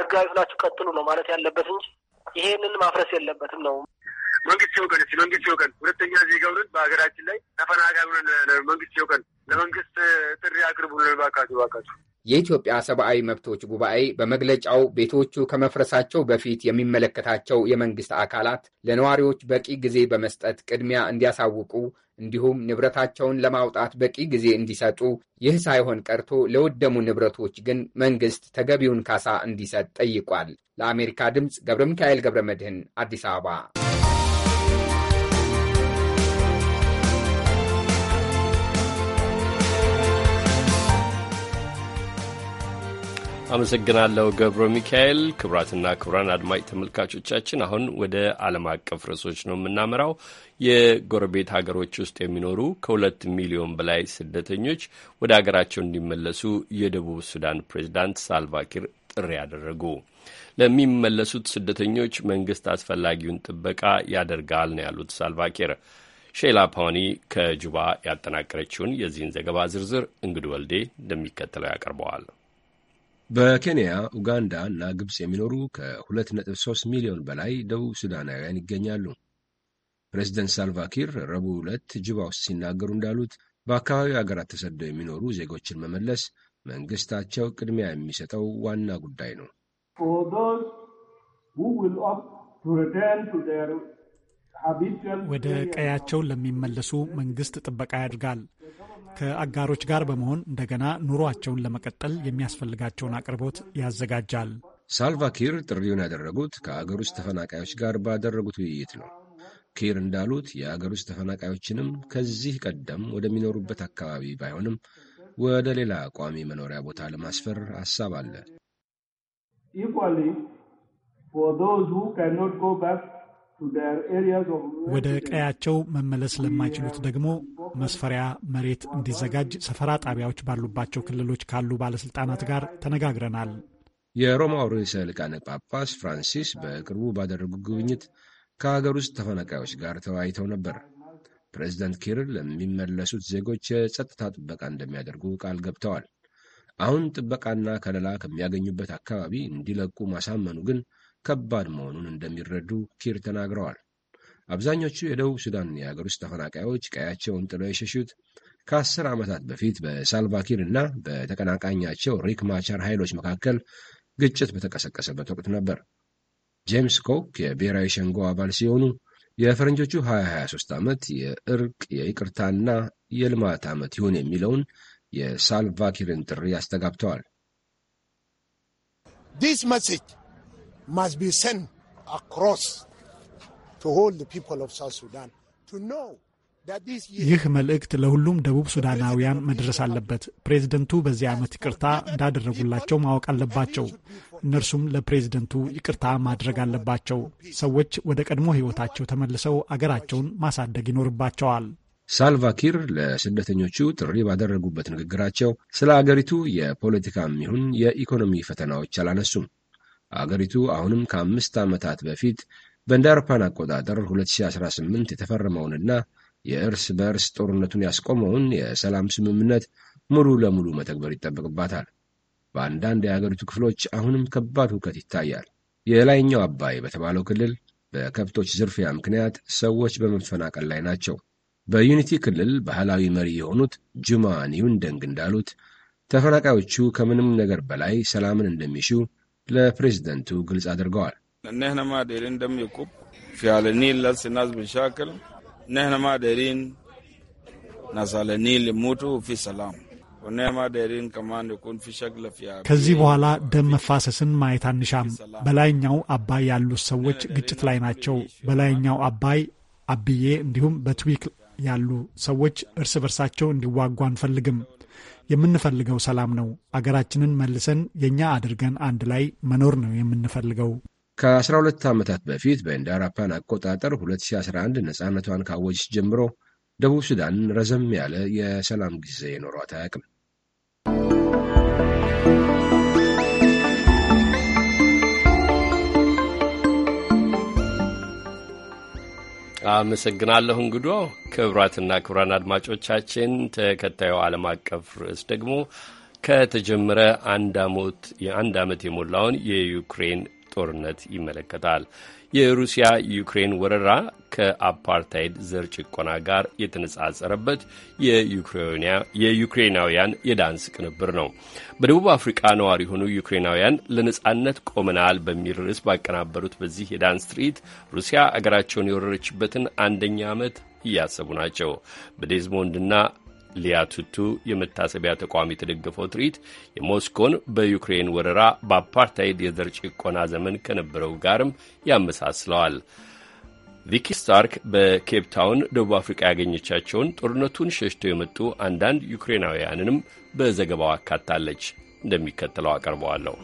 ህጋዊ ሁናችሁ ቀጥሉ ነው ማለት ያለበት እንጂ ይሄንን ማፍረስ የለበትም ነው መንግስት ይወቀን እ መንግስት ይወቀን ሁለተኛ ዜጋ በሀገራችን ላይ ተፈናቃይ መንግስት ይወቀን። ለመንግስት ጥሪ አቅርቡ ባካችሁ ባካችሁ። የኢትዮጵያ ሰብአዊ መብቶች ጉባኤ በመግለጫው ቤቶቹ ከመፍረሳቸው በፊት የሚመለከታቸው የመንግስት አካላት ለነዋሪዎች በቂ ጊዜ በመስጠት ቅድሚያ እንዲያሳውቁ እንዲሁም ንብረታቸውን ለማውጣት በቂ ጊዜ እንዲሰጡ፣ ይህ ሳይሆን ቀርቶ ለወደሙ ንብረቶች ግን መንግስት ተገቢውን ካሳ እንዲሰጥ ጠይቋል። ለአሜሪካ ድምፅ ገብረ ሚካኤል ገብረ መድህን አዲስ አበባ አመሰግናለሁ ገብረ ሚካኤል። ክቡራትና ክቡራን አድማጭ ተመልካቾቻችን አሁን ወደ ዓለም አቀፍ ርዕሶች ነው የምናመራው። የጎረቤት ሀገሮች ውስጥ የሚኖሩ ከሁለት ሚሊዮን በላይ ስደተኞች ወደ ሀገራቸው እንዲመለሱ የደቡብ ሱዳን ፕሬዚዳንት ሳልቫኪር ጥሪ አደረጉ። ለሚመለሱት ስደተኞች መንግስት አስፈላጊውን ጥበቃ ያደርጋል ነው ያሉት ሳልቫኪር። ሼላ ፓኒ ከጁባ ያጠናቀረችውን የዚህን ዘገባ ዝርዝር እንግድ ወልዴ እንደሚከተለው ያቀርበዋል። በኬንያ ኡጋንዳ እና ግብፅ የሚኖሩ ከ2.3 ሚሊዮን በላይ ደቡብ ሱዳናውያን ይገኛሉ። ፕሬዚደንት ሳልቫኪር ረቡዕ ዕለት ጅባ ውስጥ ሲናገሩ እንዳሉት በአካባቢው ሀገራት ተሰደው የሚኖሩ ዜጎችን መመለስ መንግስታቸው ቅድሚያ የሚሰጠው ዋና ጉዳይ ነው። ወደ ቀያቸው ለሚመለሱ መንግስት ጥበቃ ያድርጋል። ከአጋሮች ጋር በመሆን እንደገና ኑሯቸውን ለመቀጠል የሚያስፈልጋቸውን አቅርቦት ያዘጋጃል። ሳልቫኪር ጥሪውን ያደረጉት ከአገር ውስጥ ተፈናቃዮች ጋር ባደረጉት ውይይት ነው። ኪር እንዳሉት የአገር ውስጥ ተፈናቃዮችንም ከዚህ ቀደም ወደሚኖሩበት አካባቢ ባይሆንም ወደ ሌላ ቋሚ መኖሪያ ቦታ ለማስፈር ሀሳብ አለ። ወደ ቀያቸው መመለስ ለማይችሉት ደግሞ መስፈሪያ መሬት እንዲዘጋጅ ሰፈራ ጣቢያዎች ባሉባቸው ክልሎች ካሉ ባለስልጣናት ጋር ተነጋግረናል። የሮማው ርዕሰ ሊቃነ ጳጳስ ፍራንሲስ በቅርቡ ባደረጉ ጉብኝት ከሀገር ውስጥ ተፈናቃዮች ጋር ተወያይተው ነበር። ፕሬዚደንት ኪር ለሚመለሱት ዜጎች የጸጥታ ጥበቃ እንደሚያደርጉ ቃል ገብተዋል። አሁን ጥበቃና ከለላ ከሚያገኙበት አካባቢ እንዲለቁ ማሳመኑ ግን ከባድ መሆኑን እንደሚረዱ ኪር ተናግረዋል። አብዛኞቹ የደቡብ ሱዳን የአገር ውስጥ ተፈናቃዮች ቀያቸውን ጥለው የሸሹት ከአስር ዓመታት በፊት በሳልቫኪር እና በተቀናቃኛቸው ሪክ ማቻር ኃይሎች መካከል ግጭት በተቀሰቀሰበት ወቅት ነበር። ጄምስ ኮክ የብሔራዊ ሸንጎ አባል ሲሆኑ የፈረንጆቹ 2023 ዓመት የእርቅ የይቅርታና የልማት ዓመት ይሁን የሚለውን የሳልቫኪርን ጥሪ አስተጋብተዋል። must be sent across to hold the people of South Sudan to know ይህ መልእክት ለሁሉም ደቡብ ሱዳናውያን መድረስ አለበት። ፕሬዝደንቱ በዚህ ዓመት ይቅርታ እንዳደረጉላቸው ማወቅ አለባቸው። እነርሱም ለፕሬዝደንቱ ይቅርታ ማድረግ አለባቸው። ሰዎች ወደ ቀድሞ ሕይወታቸው ተመልሰው አገራቸውን ማሳደግ ይኖርባቸዋል። ሳልቫኪር ለስደተኞቹ ጥሪ ባደረጉበት ንግግራቸው ስለ አገሪቱ የፖለቲካም ይሁን የኢኮኖሚ ፈተናዎች አላነሱም። አገሪቱ አሁንም ከአምስት ዓመታት በፊት በእንደ አውሮፓን አቆጣጠር 2018 የተፈረመውንና የእርስ በእርስ ጦርነቱን ያስቆመውን የሰላም ስምምነት ሙሉ ለሙሉ መተግበር ይጠበቅባታል። በአንዳንድ የአገሪቱ ክፍሎች አሁንም ከባድ ሁከት ይታያል። የላይኛው አባይ በተባለው ክልል በከብቶች ዝርፊያ ምክንያት ሰዎች በመፈናቀል ላይ ናቸው። በዩኒቲ ክልል ባህላዊ መሪ የሆኑት ጁማ ኒውንደንግ እንዳሉት ተፈናቃዮቹ ከምንም ነገር በላይ ሰላምን እንደሚሹ ለፕሬዚደንቱ ግልጽ አድርገዋል። ከዚህ በኋላ ደም መፋሰስን ማየት አንሻም። በላይኛው አባይ ያሉት ሰዎች ግጭት ላይ ናቸው። በላይኛው አባይ አብዬ፣ እንዲሁም በትዊክ ያሉ ሰዎች እርስ በርሳቸው እንዲዋጉ አንፈልግም። የምንፈልገው ሰላም ነው። አገራችንን መልሰን የእኛ አድርገን አንድ ላይ መኖር ነው የምንፈልገው። ከ12 ዓመታት በፊት በእንደ አቆጣጠር 2011 ነፃነቷን ካወጅ ጀምሮ ደቡብ ሱዳን ረዘም ያለ የሰላም ጊዜ የኖሯት አያውቅም። አመሰግናለሁ እንግዶ። ክብራትና ክብራን አድማጮቻችን ተከታዩ ዓለም አቀፍ ርዕስ ደግሞ ከተጀመረ አንድ አመት የሞላውን የዩክሬን ጦርነት ይመለከታል። የሩሲያ ዩክሬን ወረራ ከአፓርታይድ ዘር ጭቆና ጋር የተነጻጸረበት የዩክሬናውያን የዳንስ ቅንብር ነው። በደቡብ አፍሪቃ ነዋሪ የሆኑ ዩክሬናውያን ለነጻነት ቆመናል በሚል ርዕስ ባቀናበሩት በዚህ የዳንስ ትርኢት ሩሲያ አገራቸውን የወረረችበትን አንደኛ ዓመት እያሰቡ ናቸው። በዴዝሞንድና ሊያቱቱ የመታሰቢያ ተቋም የተደገፈው ትርኢት የሞስኮን በዩክሬን ወረራ በአፓርታይድ የዘር ጭቆና ዘመን ከነበረው ጋርም ያመሳስለዋል። ቪኪ ስታርክ በኬፕ ታውን ደቡብ አፍሪቃ ያገኘቻቸውን ጦርነቱን ሸሽተው የመጡ አንዳንድ ዩክሬናውያንንም በዘገባው አካታለች። እንደሚከተለው አቀርበዋለሁ።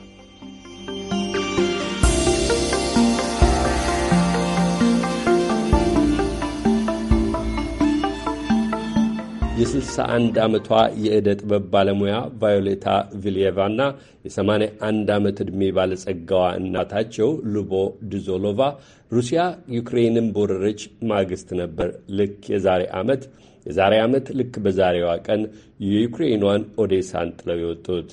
የ61 ዓመቷ የዕደ ጥበብ ባለሙያ ቫዮሌታ ቪልየቫ ና የ81 ዓመት ዕድሜ ባለጸጋዋ እናታቸው ሉቦ ድዞሎቫ ሩሲያ ዩክሬንን በወረረች ማግስት ነበር ልክ የዛሬ ዓመት የዛሬ ዓመት ልክ በዛሬዋ ቀን የዩክሬኗን ኦዴሳን ጥለው የወጡት።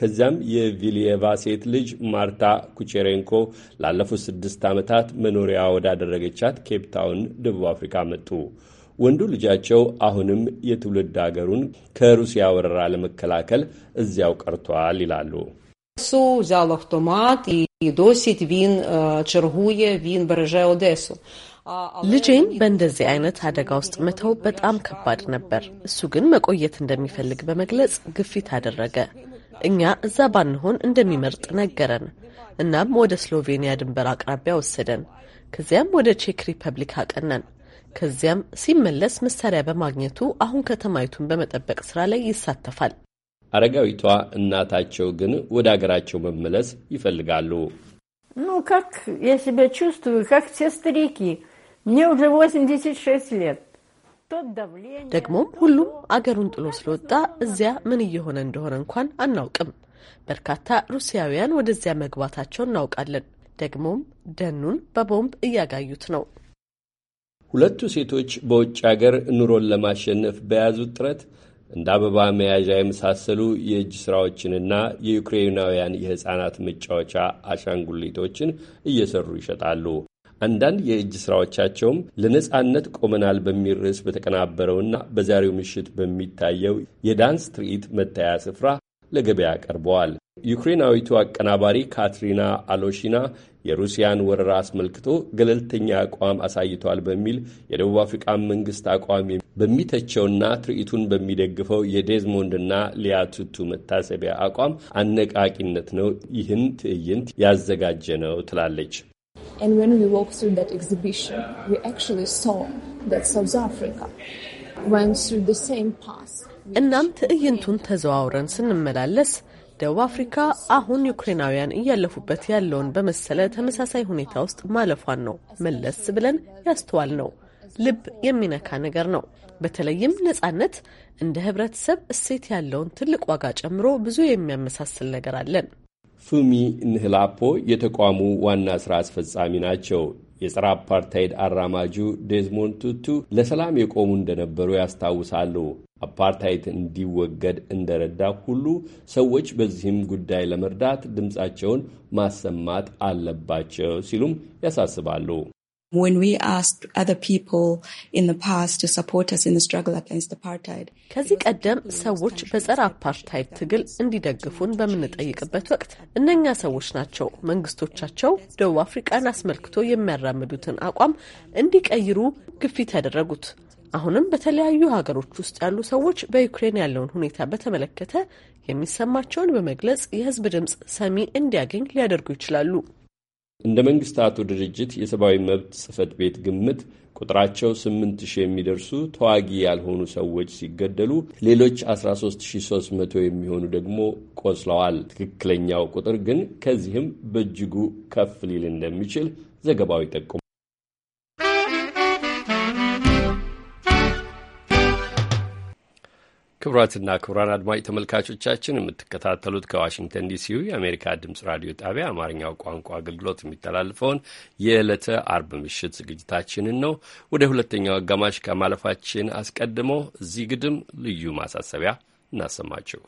ከዚያም የቪሊየቫ ሴት ልጅ ማርታ ኩቼሬንኮ ላለፉት ስድስት ዓመታት መኖሪያ ወዳደረገቻት ኬፕታውን ደቡብ አፍሪካ መጡ። ወንዱ ልጃቸው አሁንም የትውልድ አገሩን ከሩሲያ ወረራ ለመከላከል እዚያው ቀርቷል ይላሉ። እሱ እዛ አውቶማት ዶሲት ቪን ችርጉየ ቪን በረዣ ኦዴሱ ልጄን በእንደዚህ አይነት አደጋ ውስጥ መተው በጣም ከባድ ነበር። እሱ ግን መቆየት እንደሚፈልግ በመግለጽ ግፊት አደረገ። እኛ እዛ ባንሆን እንደሚመርጥ ነገረን። እናም ወደ ስሎቬንያ ድንበር አቅራቢያ ወሰደን። ከዚያም ወደ ቼክ ሪፐብሊክ አቀነን። ከዚያም ሲመለስ መሳሪያ በማግኘቱ አሁን ከተማይቱን በመጠበቅ ስራ ላይ ይሳተፋል። አረጋዊቷ እናታቸው ግን ወደ አገራቸው መመለስ ይፈልጋሉ። ኑ ከክ የሲበ ቹስቱ ከክ ሴስትሪኪ мне ወስንዲሴት ሸስት ሌት ደግሞም ሁሉም አገሩን ጥሎ ስለወጣ እዚያ ምን እየሆነ እንደሆነ እንኳን አናውቅም። በርካታ ሩሲያውያን ወደዚያ መግባታቸው እናውቃለን። ደግሞም ደኑን በቦምብ እያጋዩት ነው። ሁለቱ ሴቶች በውጭ አገር ኑሮን ለማሸነፍ በያዙት ጥረት እንደ አበባ መያዣ የመሳሰሉ የእጅ ሥራዎችንና የዩክሬናውያን የሕፃናት መጫወቻ አሻንጉሊቶችን እየሰሩ ይሸጣሉ። አንዳንድ የእጅ ሥራዎቻቸውም ለነጻነት ቆመናል በሚል ርዕስ በተቀናበረውና በዛሬው ምሽት በሚታየው የዳንስ ትርኢት መታያ ስፍራ ለገበያ ቀርበዋል። ዩክሬናዊቱ አቀናባሪ ካትሪና አሎሺና የሩሲያን ወረራ አስመልክቶ ገለልተኛ አቋም አሳይቷል በሚል የደቡብ አፍሪካን መንግስት አቋም በሚተቸውና ትርኢቱን በሚደግፈው የዴዝሞንድና ሊያቱቱ መታሰቢያ አቋም አነቃቂነት ነው ይህን ትዕይንት ያዘጋጀ ነው ትላለች። እናም ትዕይንቱን ተዘዋውረን ስንመላለስ ደቡብ አፍሪካ አሁን ዩክሬናውያን እያለፉበት ያለውን በመሰለ ተመሳሳይ ሁኔታ ውስጥ ማለፏን ነው መለስ ብለን ያስተዋል ነው። ልብ የሚነካ ነገር ነው። በተለይም ነጻነት እንደ ህብረተሰብ እሴት ያለውን ትልቅ ዋጋ ጨምሮ ብዙ የሚያመሳስል ነገር አለን። ፉሚ ንህላፖ የተቋሙ ዋና ስራ አስፈጻሚ ናቸው። የጸረ አፓርታይድ አራማጁ ዴዝሞንድ ቱቱ ለሰላም የቆሙ እንደነበሩ ያስታውሳሉ። አፓርታይድ እንዲወገድ እንደረዳ ሁሉ ሰዎች በዚህም ጉዳይ ለመርዳት ድምፃቸውን ማሰማት አለባቸው ሲሉም ያሳስባሉ። ከዚህ ቀደም ሰዎች በጸረ አፓርታይድ ትግል እንዲደግፉን በምንጠይቅበት ወቅት እነኛ ሰዎች ናቸው መንግስቶቻቸው ደቡብ አፍሪቃን አስመልክቶ የሚያራምዱትን አቋም እንዲቀይሩ ግፊት ያደረጉት። አሁንም በተለያዩ ሀገሮች ውስጥ ያሉ ሰዎች በዩክሬን ያለውን ሁኔታ በተመለከተ የሚሰማቸውን በመግለጽ የህዝብ ድምፅ ሰሚ እንዲያገኝ ሊያደርጉ ይችላሉ። እንደ መንግስታቱ ድርጅት የሰብአዊ መብት ጽህፈት ቤት ግምት ቁጥራቸው 8000 የሚደርሱ ተዋጊ ያልሆኑ ሰዎች ሲገደሉ ሌሎች 13300 የሚሆኑ ደግሞ ቆስለዋል። ትክክለኛው ቁጥር ግን ከዚህም በእጅጉ ከፍ ሊል እንደሚችል ዘገባው ይጠቁማል። ክቡራትና ክቡራን አድማጭ ተመልካቾቻችን የምትከታተሉት ከዋሽንግተን ዲሲው የአሜሪካ ድምጽ ራዲዮ ጣቢያ አማርኛው ቋንቋ አገልግሎት የሚተላለፈውን የዕለተ አርብ ምሽት ዝግጅታችንን ነው። ወደ ሁለተኛው አጋማሽ ከማለፋችን አስቀድሞ እዚህ ግድም ልዩ ማሳሰቢያ እናሰማችሁ።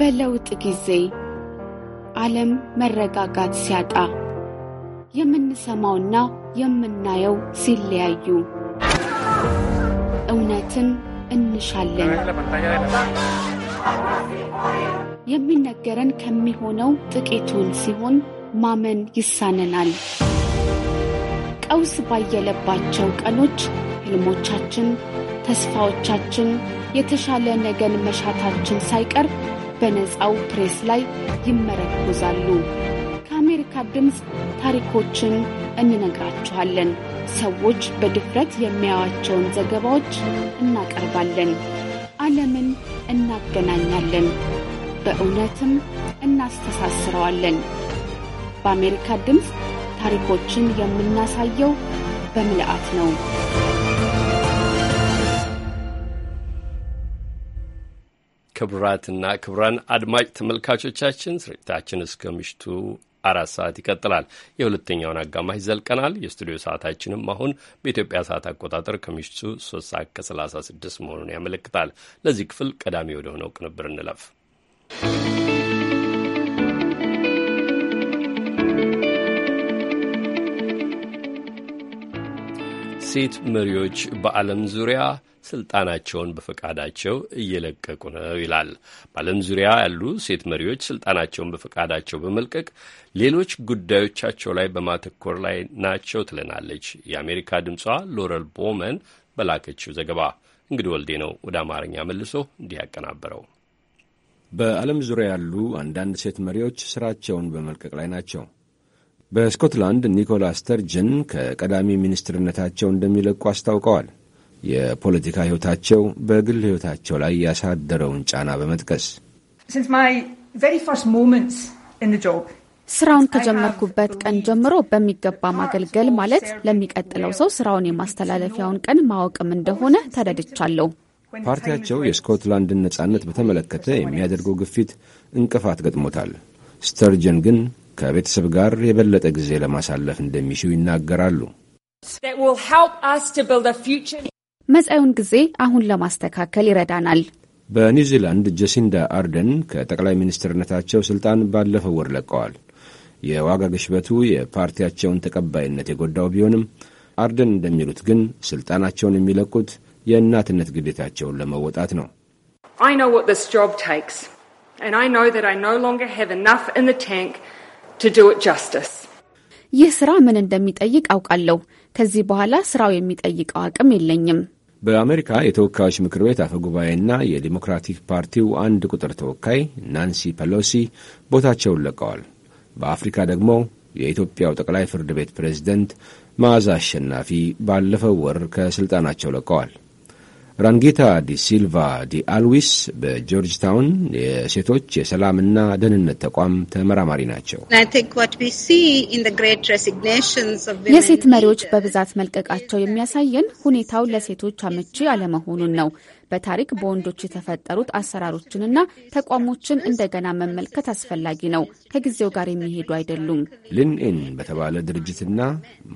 በለውጥ ጊዜ ዓለም መረጋጋት ሲያጣ የምንሰማውና የምናየው ሲለያዩ እውነትን እንሻለን። የሚነገረን ከሚሆነው ጥቂቱን ሲሆን ማመን ይሳነናል። ቀውስ ባየለባቸው ቀኖች ህልሞቻችን፣ ተስፋዎቻችን፣ የተሻለ ነገን መሻታችን ሳይቀር በነፃው ፕሬስ ላይ ይመረኮዛሉ። ከአሜሪካ ድምፅ ታሪኮችን እንነግራችኋለን። ሰዎች በድፍረት የሚያዩዋቸውን ዘገባዎች እናቀርባለን። ዓለምን እናገናኛለን፣ በእውነትም እናስተሳስረዋለን። በአሜሪካ ድምፅ ታሪኮችን የምናሳየው በምልአት ነው። ክቡራትና ክቡራን አድማጭ ተመልካቾቻችን ስርጭታችን እስከ ምሽቱ አራት ሰዓት ይቀጥላል። የሁለተኛውን አጋማሽ ዘልቀናል። የስቱዲዮ ሰዓታችንም አሁን በኢትዮጵያ ሰዓት አቆጣጠር ከምሽቱ ሶስት ሰዓት ከሰላሳ ስድስት መሆኑን ያመለክታል። ለዚህ ክፍል ቀዳሚ ወደሆነው ቅንብር እንለፍ። ሴት መሪዎች በዓለም ዙሪያ ስልጣናቸውን በፈቃዳቸው እየለቀቁ ነው ይላል። በዓለም ዙሪያ ያሉ ሴት መሪዎች ስልጣናቸውን በፈቃዳቸው በመልቀቅ ሌሎች ጉዳዮቻቸው ላይ በማተኮር ላይ ናቸው ትለናለች የአሜሪካ ድምጿ ሎረል ቦመን በላከችው ዘገባ። እንግዲህ ወልዴ ነው ወደ አማርኛ መልሶ እንዲህ ያቀናበረው። በዓለም ዙሪያ ያሉ አንዳንድ ሴት መሪዎች ስራቸውን በመልቀቅ ላይ ናቸው። በስኮትላንድ ኒኮላ ስተርጅን ከቀዳሚ ሚኒስትርነታቸው እንደሚለቁ አስታውቀዋል። የፖለቲካ ሕይወታቸው በግል ሕይወታቸው ላይ ያሳደረውን ጫና በመጥቀስ ስራውን ከጀመርኩበት ቀን ጀምሮ በሚገባ ማገልገል ማለት ለሚቀጥለው ሰው ስራውን የማስተላለፊያውን ቀን ማወቅም እንደሆነ ተረድቻለሁ። ፓርቲያቸው የስኮትላንድን ነጻነት በተመለከተ የሚያደርገው ግፊት እንቅፋት ገጥሞታል። ስተርጀን ግን ከቤተሰብ ጋር የበለጠ ጊዜ ለማሳለፍ እንደሚሹ ይናገራሉ። መጻዩን ጊዜ አሁን ለማስተካከል ይረዳናል። በኒውዚላንድ ጀሲንዳ አርደን ከጠቅላይ ሚኒስትርነታቸው ስልጣን ባለፈው ወር ለቀዋል። የዋጋ ግሽበቱ የፓርቲያቸውን ተቀባይነት የጎዳው ቢሆንም አርደን እንደሚሉት ግን ስልጣናቸውን የሚለቁት የእናትነት ግዴታቸውን ለመወጣት ነው። I know what this job takes, and I know that I no longer have enough in the tank ይህ ስራ ምን እንደሚጠይቅ አውቃለሁ። ከዚህ በኋላ ስራው የሚጠይቀው አቅም የለኝም። በአሜሪካ የተወካዮች ምክር ቤት አፈ ጉባኤና የዲሞክራቲክ ፓርቲው አንድ ቁጥር ተወካይ ናንሲ ፐሎሲ ቦታቸውን ለቀዋል። በአፍሪካ ደግሞ የኢትዮጵያው ጠቅላይ ፍርድ ቤት ፕሬዝደንት መዓዛ አሸናፊ ባለፈው ወር ከስልጣናቸው ለቀዋል። ራንጊታ ዲሲልቫ ዲአልዊስ በጆርጅታውን የሴቶች የሰላምና ደህንነት ተቋም ተመራማሪ ናቸው። የሴት መሪዎች በብዛት መልቀቃቸው የሚያሳየን ሁኔታው ለሴቶች አመቺ አለመሆኑን ነው። በታሪክ በወንዶች የተፈጠሩት አሰራሮችንና ተቋሞችን እንደገና መመልከት አስፈላጊ ነው። ከጊዜው ጋር የሚሄዱ አይደሉም። ሊንኢን በተባለ ድርጅትና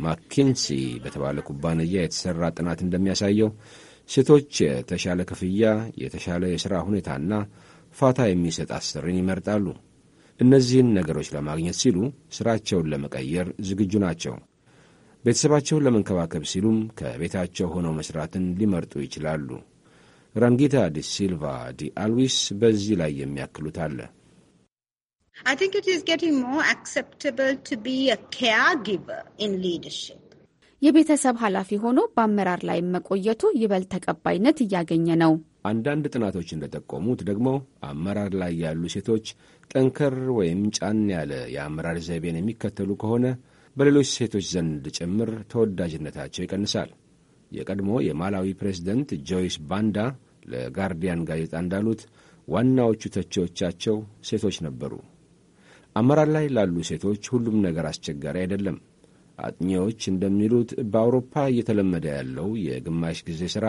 ማኪንሲ በተባለ ኩባንያ የተሰራ ጥናት እንደሚያሳየው ሴቶች የተሻለ ክፍያ፣ የተሻለ የሥራ ሁኔታና ፋታ የሚሰጥ አሰሪን ይመርጣሉ። እነዚህን ነገሮች ለማግኘት ሲሉ ሥራቸውን ለመቀየር ዝግጁ ናቸው። ቤተሰባቸውን ለመንከባከብ ሲሉም ከቤታቸው ሆነው መሥራትን ሊመርጡ ይችላሉ። ራንጊታ ዲ ሲልቫ ዲ አልዊስ በዚህ ላይ የሚያክሉት አለ። I think it is getting more acceptable to be a caregiver in leadership. የቤተሰብ ኃላፊ ሆኖ በአመራር ላይ መቆየቱ ይበልጥ ተቀባይነት እያገኘ ነው። አንዳንድ ጥናቶች እንደጠቆሙት ደግሞ አመራር ላይ ያሉ ሴቶች ጠንከር ወይም ጫን ያለ የአመራር ዘይቤን የሚከተሉ ከሆነ በሌሎች ሴቶች ዘንድ ጭምር ተወዳጅነታቸው ይቀንሳል። የቀድሞ የማላዊ ፕሬዝደንት ጆይስ ባንዳ ለጋርዲያን ጋዜጣ እንዳሉት ዋናዎቹ ተቺዎቻቸው ሴቶች ነበሩ። አመራር ላይ ላሉ ሴቶች ሁሉም ነገር አስቸጋሪ አይደለም። አጥኚዎች እንደሚሉት በአውሮፓ እየተለመደ ያለው የግማሽ ጊዜ ሥራ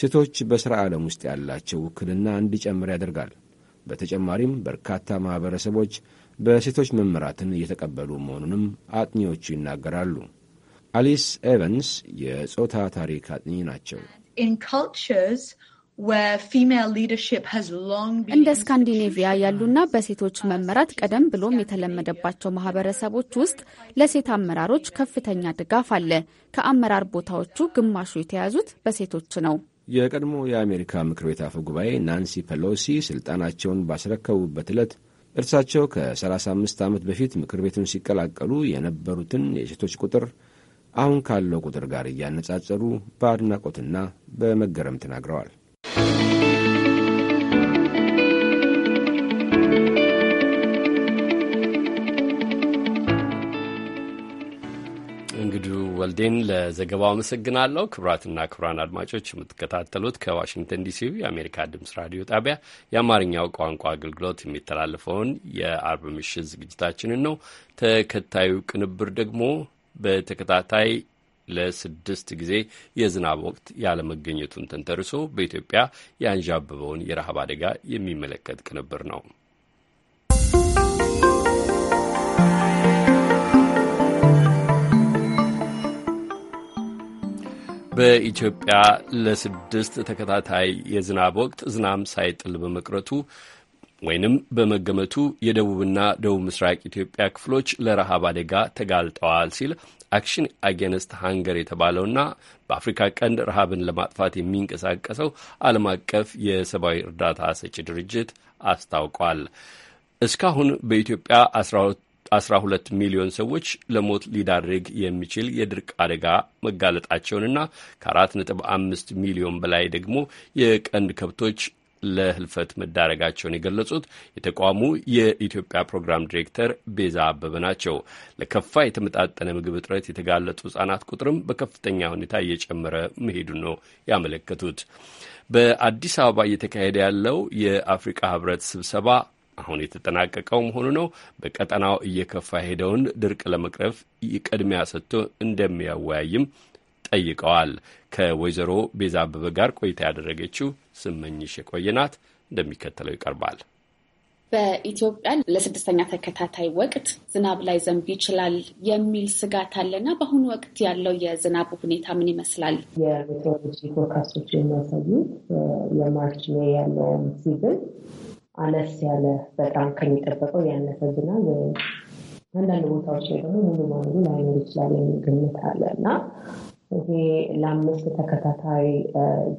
ሴቶች በሥራ ዓለም ውስጥ ያላቸው ውክልና እንዲጨምር ያደርጋል። በተጨማሪም በርካታ ማኅበረሰቦች በሴቶች መምራትን እየተቀበሉ መሆኑንም አጥኚዎቹ ይናገራሉ። አሊስ ኤቨንስ የጾታ ታሪክ አጥኚ ናቸው። እንደ ስካንዲኔቪያ ያሉና በሴቶች መመራት ቀደም ብሎም የተለመደባቸው ማህበረሰቦች ውስጥ ለሴት አመራሮች ከፍተኛ ድጋፍ አለ። ከአመራር ቦታዎቹ ግማሹ የተያዙት በሴቶች ነው። የቀድሞ የአሜሪካ ምክር ቤት አፈ ጉባኤ ናንሲ ፔሎሲ ስልጣናቸውን ባስረከቡበት ዕለት እርሳቸው ከ35 ዓመት በፊት ምክር ቤቱን ሲቀላቀሉ የነበሩትን የሴቶች ቁጥር አሁን ካለው ቁጥር ጋር እያነጻጸሩ በአድናቆትና በመገረም ተናግረዋል። እንግዱ ወልዴን ለዘገባው አመሰግናለሁ። ክቡራትና ክቡራን አድማጮች የምትከታተሉት ከዋሽንግተን ዲሲ የአሜሪካ ድምጽ ራዲዮ ጣቢያ የአማርኛው ቋንቋ አገልግሎት የሚተላለፈውን የአርብ ምሽት ዝግጅታችንን ነው። ተከታዩ ቅንብር ደግሞ በተከታታይ ለስድስት ጊዜ የዝናብ ወቅት ያለመገኘቱን ተንተርሶ በኢትዮጵያ የአንዣበበውን የረሃብ አደጋ የሚመለከት ቅንብር ነው። በኢትዮጵያ ለስድስት ተከታታይ የዝናብ ወቅት ዝናብ ሳይጥል በመቅረቱ ወይንም በመገመቱ የደቡብና ደቡብ ምስራቅ ኢትዮጵያ ክፍሎች ለረሃብ አደጋ ተጋልጠዋል ሲል አክሽን አጌንስት ሃንገር የተባለውና በአፍሪካ ቀንድ ረሃብን ለማጥፋት የሚንቀሳቀሰው ዓለም አቀፍ የሰብአዊ እርዳታ ሰጪ ድርጅት አስታውቋል። እስካሁን በኢትዮጵያ አስራ ሁለት ሚሊዮን ሰዎች ለሞት ሊዳርግ የሚችል የድርቅ አደጋ መጋለጣቸውንና ከአራት ነጥብ አምስት ሚሊዮን በላይ ደግሞ የቀንድ ከብቶች ለህልፈት መዳረጋቸውን የገለጹት የተቋሙ የኢትዮጵያ ፕሮግራም ዲሬክተር ቤዛ አበበ ናቸው። ለከፋ የተመጣጠነ ምግብ እጥረት የተጋለጡ ህጻናት ቁጥርም በከፍተኛ ሁኔታ እየጨመረ መሄዱን ነው ያመለከቱት። በአዲስ አበባ እየተካሄደ ያለው የአፍሪቃ ህብረት ስብሰባ አሁን የተጠናቀቀው መሆኑ ነው። በቀጠናው እየከፋ ሄደውን ድርቅ ለመቅረፍ ቅድሚያ ሰጥቶ እንደሚያወያይም ጠይቀዋል። ከወይዘሮ ቤዛ አበበ ጋር ቆይታ ያደረገችው ስመኝሽ የቆየናት እንደሚከተለው ይቀርባል። በኢትዮጵያ ለስድስተኛ ተከታታይ ወቅት ዝናብ ላይ ዘንብ ይችላል የሚል ስጋት አለና በአሁኑ ወቅት ያለው የዝናብ ሁኔታ ምን ይመስላል? የሜትሮሎጂ ፎርካስቶች የሚያሳዩት የማርች ሜ ያለውን ሲዝን አነስ ያለ በጣም ከሚጠበቀው ያነሰ ዝናብ አንዳንድ ቦታዎች ላይ ደግሞ ሙሉ በሙሉ ላይኖር ይችላል የሚል ግምት አለ እና ይሄ ለአምስት ተከታታይ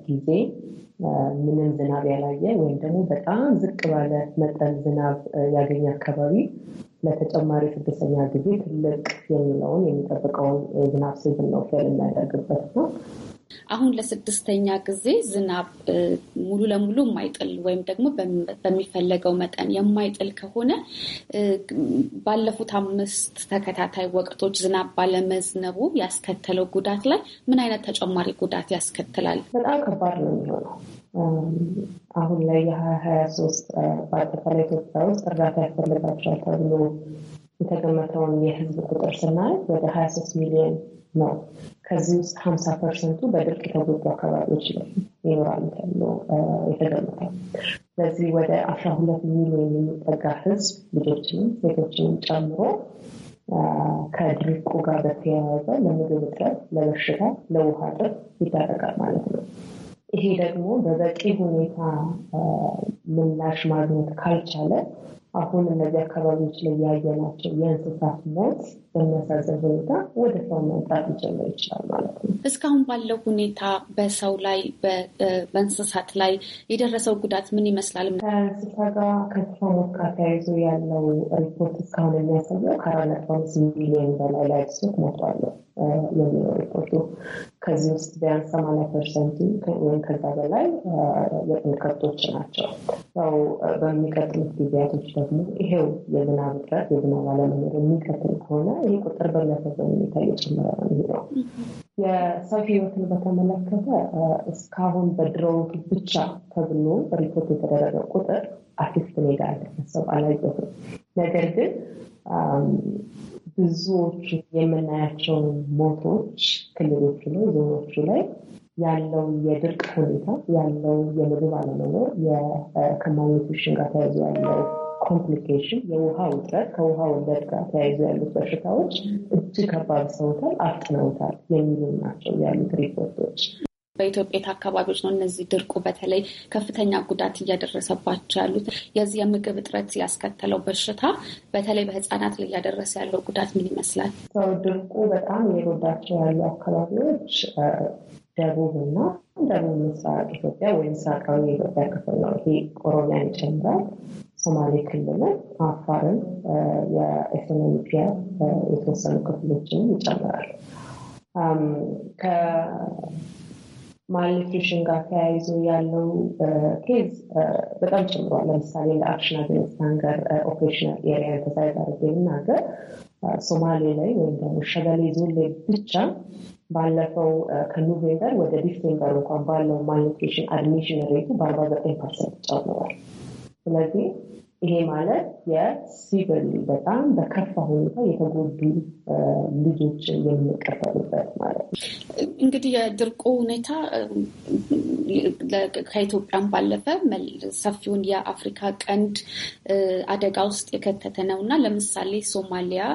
ጊዜ ምንም ዝናብ ያላየ ወይም ደግሞ በጣም ዝቅ ባለ መጠን ዝናብ ያገኘ አካባቢ ለተጨማሪ ስድስተኛ ጊዜ ትልቅ የሚለውን የሚጠብቀውን ዝናብ ስዝን ነው ፌል የሚያደርግበት ነው። አሁን ለስድስተኛ ጊዜ ዝናብ ሙሉ ለሙሉ የማይጥል ወይም ደግሞ በሚፈለገው መጠን የማይጥል ከሆነ ባለፉት አምስት ተከታታይ ወቅቶች ዝናብ ባለመዝነቡ ያስከተለው ጉዳት ላይ ምን አይነት ተጨማሪ ጉዳት ያስከትላል? በጣም ከባድ ነው የሚሆነው። አሁን ላይ የሀያ ሀያ ሶስት በአጠቃላይ ኢትዮጵያ ውስጥ እርዳታ ያስፈልጋቸዋል ተብሎ የተገመተውን የህዝብ ቁጥር ስናይ ወደ ሀያ ሶስት ሚሊዮን ነው። ከዚህ ውስጥ ሀምሳ ፐርሰንቱ በድርቅ የተጎዱ አካባቢዎች ይኖራሉ ተብሎ የተገመታል። ስለዚህ ወደ አስራ ሁለት ሚሊዮን የሚጠጋ ህዝብ ልጆችንም ሴቶችንም ጨምሮ ከድርቁ ጋር በተያያዘ ለምግብ እጥረት፣ ለበሽታ፣ ለውሃ እጥረት ይዳረጋል ማለት ነው። ይሄ ደግሞ በበቂ ሁኔታ ምላሽ ማግኘት ካልቻለ አሁን እነዚህ አካባቢዎች ላይ ያየናቸው የእንስሳት ሞት በሚያሳዝን ሁኔታ ወደ ሰው መምጣት ሊጀምር ይችላል ማለት ነው። እስካሁን ባለው ሁኔታ በሰው ላይ በእንስሳት ላይ የደረሰው ጉዳት ምን ይመስላል? ከእንስሳ ጋር ከተፋ ሞት ጋር ተያይዞ ያለው ሪፖርት እስካሁን የሚያሳየው ከአራት ነጥብ አምስት ሚሊዮን በላይ ላይ ሞቷል። የሚለው ከዚህ ውስጥ ቢያንስ ሰማንያ ፐርሰንቱ ወይም ከዛ በላይ የጥም ከብቶች ናቸው። ያው በሚቀጥሉት ጊዜያቶች ደግሞ ይሄው የዝናብ እጥረት፣ የዝናብ አለመኖር የሚቀጥል ከሆነ ይህ ቁጥር በሚያሳዝን ሁኔታ እየጨመረ ነው የሚሄደው። የሰው ህይወትን በተመለከተ እስካሁን በድሮዎቱ ብቻ ተብሎ ሪፖርት የተደረገው ቁጥር አርቲስት ሜዳ ያለ አልተሰብ አላየሁም። ነገር ግን ብዙዎቹ የምናያቸው ሞቶች ክልሎቹ ላይ ዞኖቹ ላይ ያለው የድርቅ ሁኔታ ያለው የምግብ አለመኖር ከማልኒትሪሽን ጋር ተያይዞ ያለው ኮምፕሊኬሽን የውሃ ውጥረት ከውሃ ወለድ ጋር ተያይዞ ያሉት በሽታዎች እጅግ ከባድ ሰውታል፣ አፍጥነውታል የሚሉ ናቸው ያሉት ሪፖርቶች። በኢትዮጵያ አካባቢዎች ነው እነዚህ ድርቁ በተለይ ከፍተኛ ጉዳት እያደረሰባቸው ያሉት? የዚህ የምግብ እጥረት ያስከተለው በሽታ በተለይ በህፃናት ላይ እያደረሰ ያለው ጉዳት ምን ይመስላል? ድርቁ በጣም የጎዳቸው ያሉ አካባቢዎች ደቡብ እና ደቡብ ምስራቅ ኢትዮጵያ ወይም ምስራቃዊ የኢትዮጵያ ክፍል ነው። ይሄ ኦሮሚያን ይጨምራል፣ ሶማሌ ክልልን፣ አፋርን፣ የኢኮኖሚያ የተወሰኑ ክፍሎችንም ይጨምራል። ማልኒትሪሽን ጋር ተያይዞ ያለው ኬዝ በጣም ጨምሯል። ለምሳሌ ለአክሽን አገንስት ሃንገር ኦፕሬሽናል ኤሪያ ተሳይት አድርጌ ልናገር ሶማሌ ላይ ወይም ደግሞ ሸበሌ ዞን ላይ ብቻ ባለፈው ከኖቬምበር ወደ ዲሴምበር እንኳን ባለው ማልኒትሪሽን አድሚሽን ሬቱ በአርባ ዘጠኝ ፐርሰንት ጨምሯል። ስለዚህ ይሄ ማለት የሲቪል በጣም በከፋ ሁኔታ የተጎዱ ልጆች የሚቀበሉበት ማለት ነው። እንግዲህ የድርቁ ሁኔታ ከኢትዮጵያም ባለፈ ሰፊውን የአፍሪካ ቀንድ አደጋ ውስጥ የከተተ ነው እና ለምሳሌ ሶማሊያ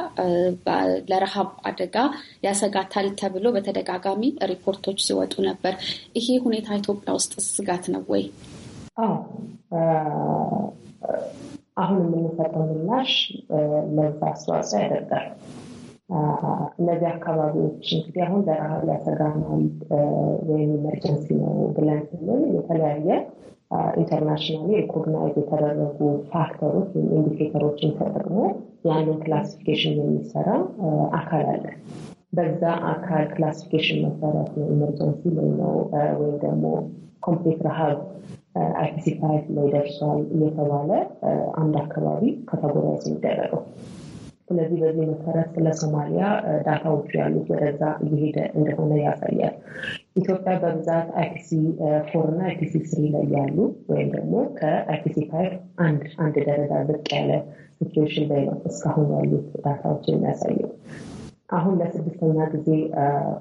ለረሃብ አደጋ ያሰጋታል ተብሎ በተደጋጋሚ ሪፖርቶች ሲወጡ ነበር። ይሄ ሁኔታ ኢትዮጵያ ውስጥ ስጋት ነው ወይ? አሁን የምንሰጠው ምላሽ ለዛ አስተዋጽኦ ያደርጋል። እነዚህ አካባቢዎች እንግዲህ አሁን ለረሃብ ሊያሰጋናል ወይም ኢመርጀንሲ ነው ብለን ስንል የተለያየ ኢንተርናሽናል ሪኮግናይዝ የተደረጉ ፋክተሮች ወይም ኢንዲኬተሮችን ተጠቅሞ ያንን ክላሲፊኬሽን የሚሰራ አካል አለ። በዛ አካል ክላሲፊኬሽን መሰረት ነው ኢመርጀንሲ ወይ ነው ወይም ደግሞ ኮምፕሌት ረሃብ አክሲፋይት ላይ ደርሷል እየተባለ አንድ አካባቢ ካታጎራይዝ የሚደረገው። ስለዚህ በዚህ መሰረት ስለ ሶማሊያ ዳታዎቹ ያሉት ወደዛ እየሄደ እንደሆነ ያሳያል። ኢትዮጵያ በብዛት አይፒሲ ፎር እና አይፒሲ ስሪ ላይ ያሉ ወይም ደግሞ ከአይፒሲ ፋይቭ አንድ አንድ ደረጃ ዝቅ ያለ ሲትዌሽን ላይ ነው እስካሁን ያሉት ዳታዎች የሚያሳየው። አሁን ለስድስተኛ ጊዜ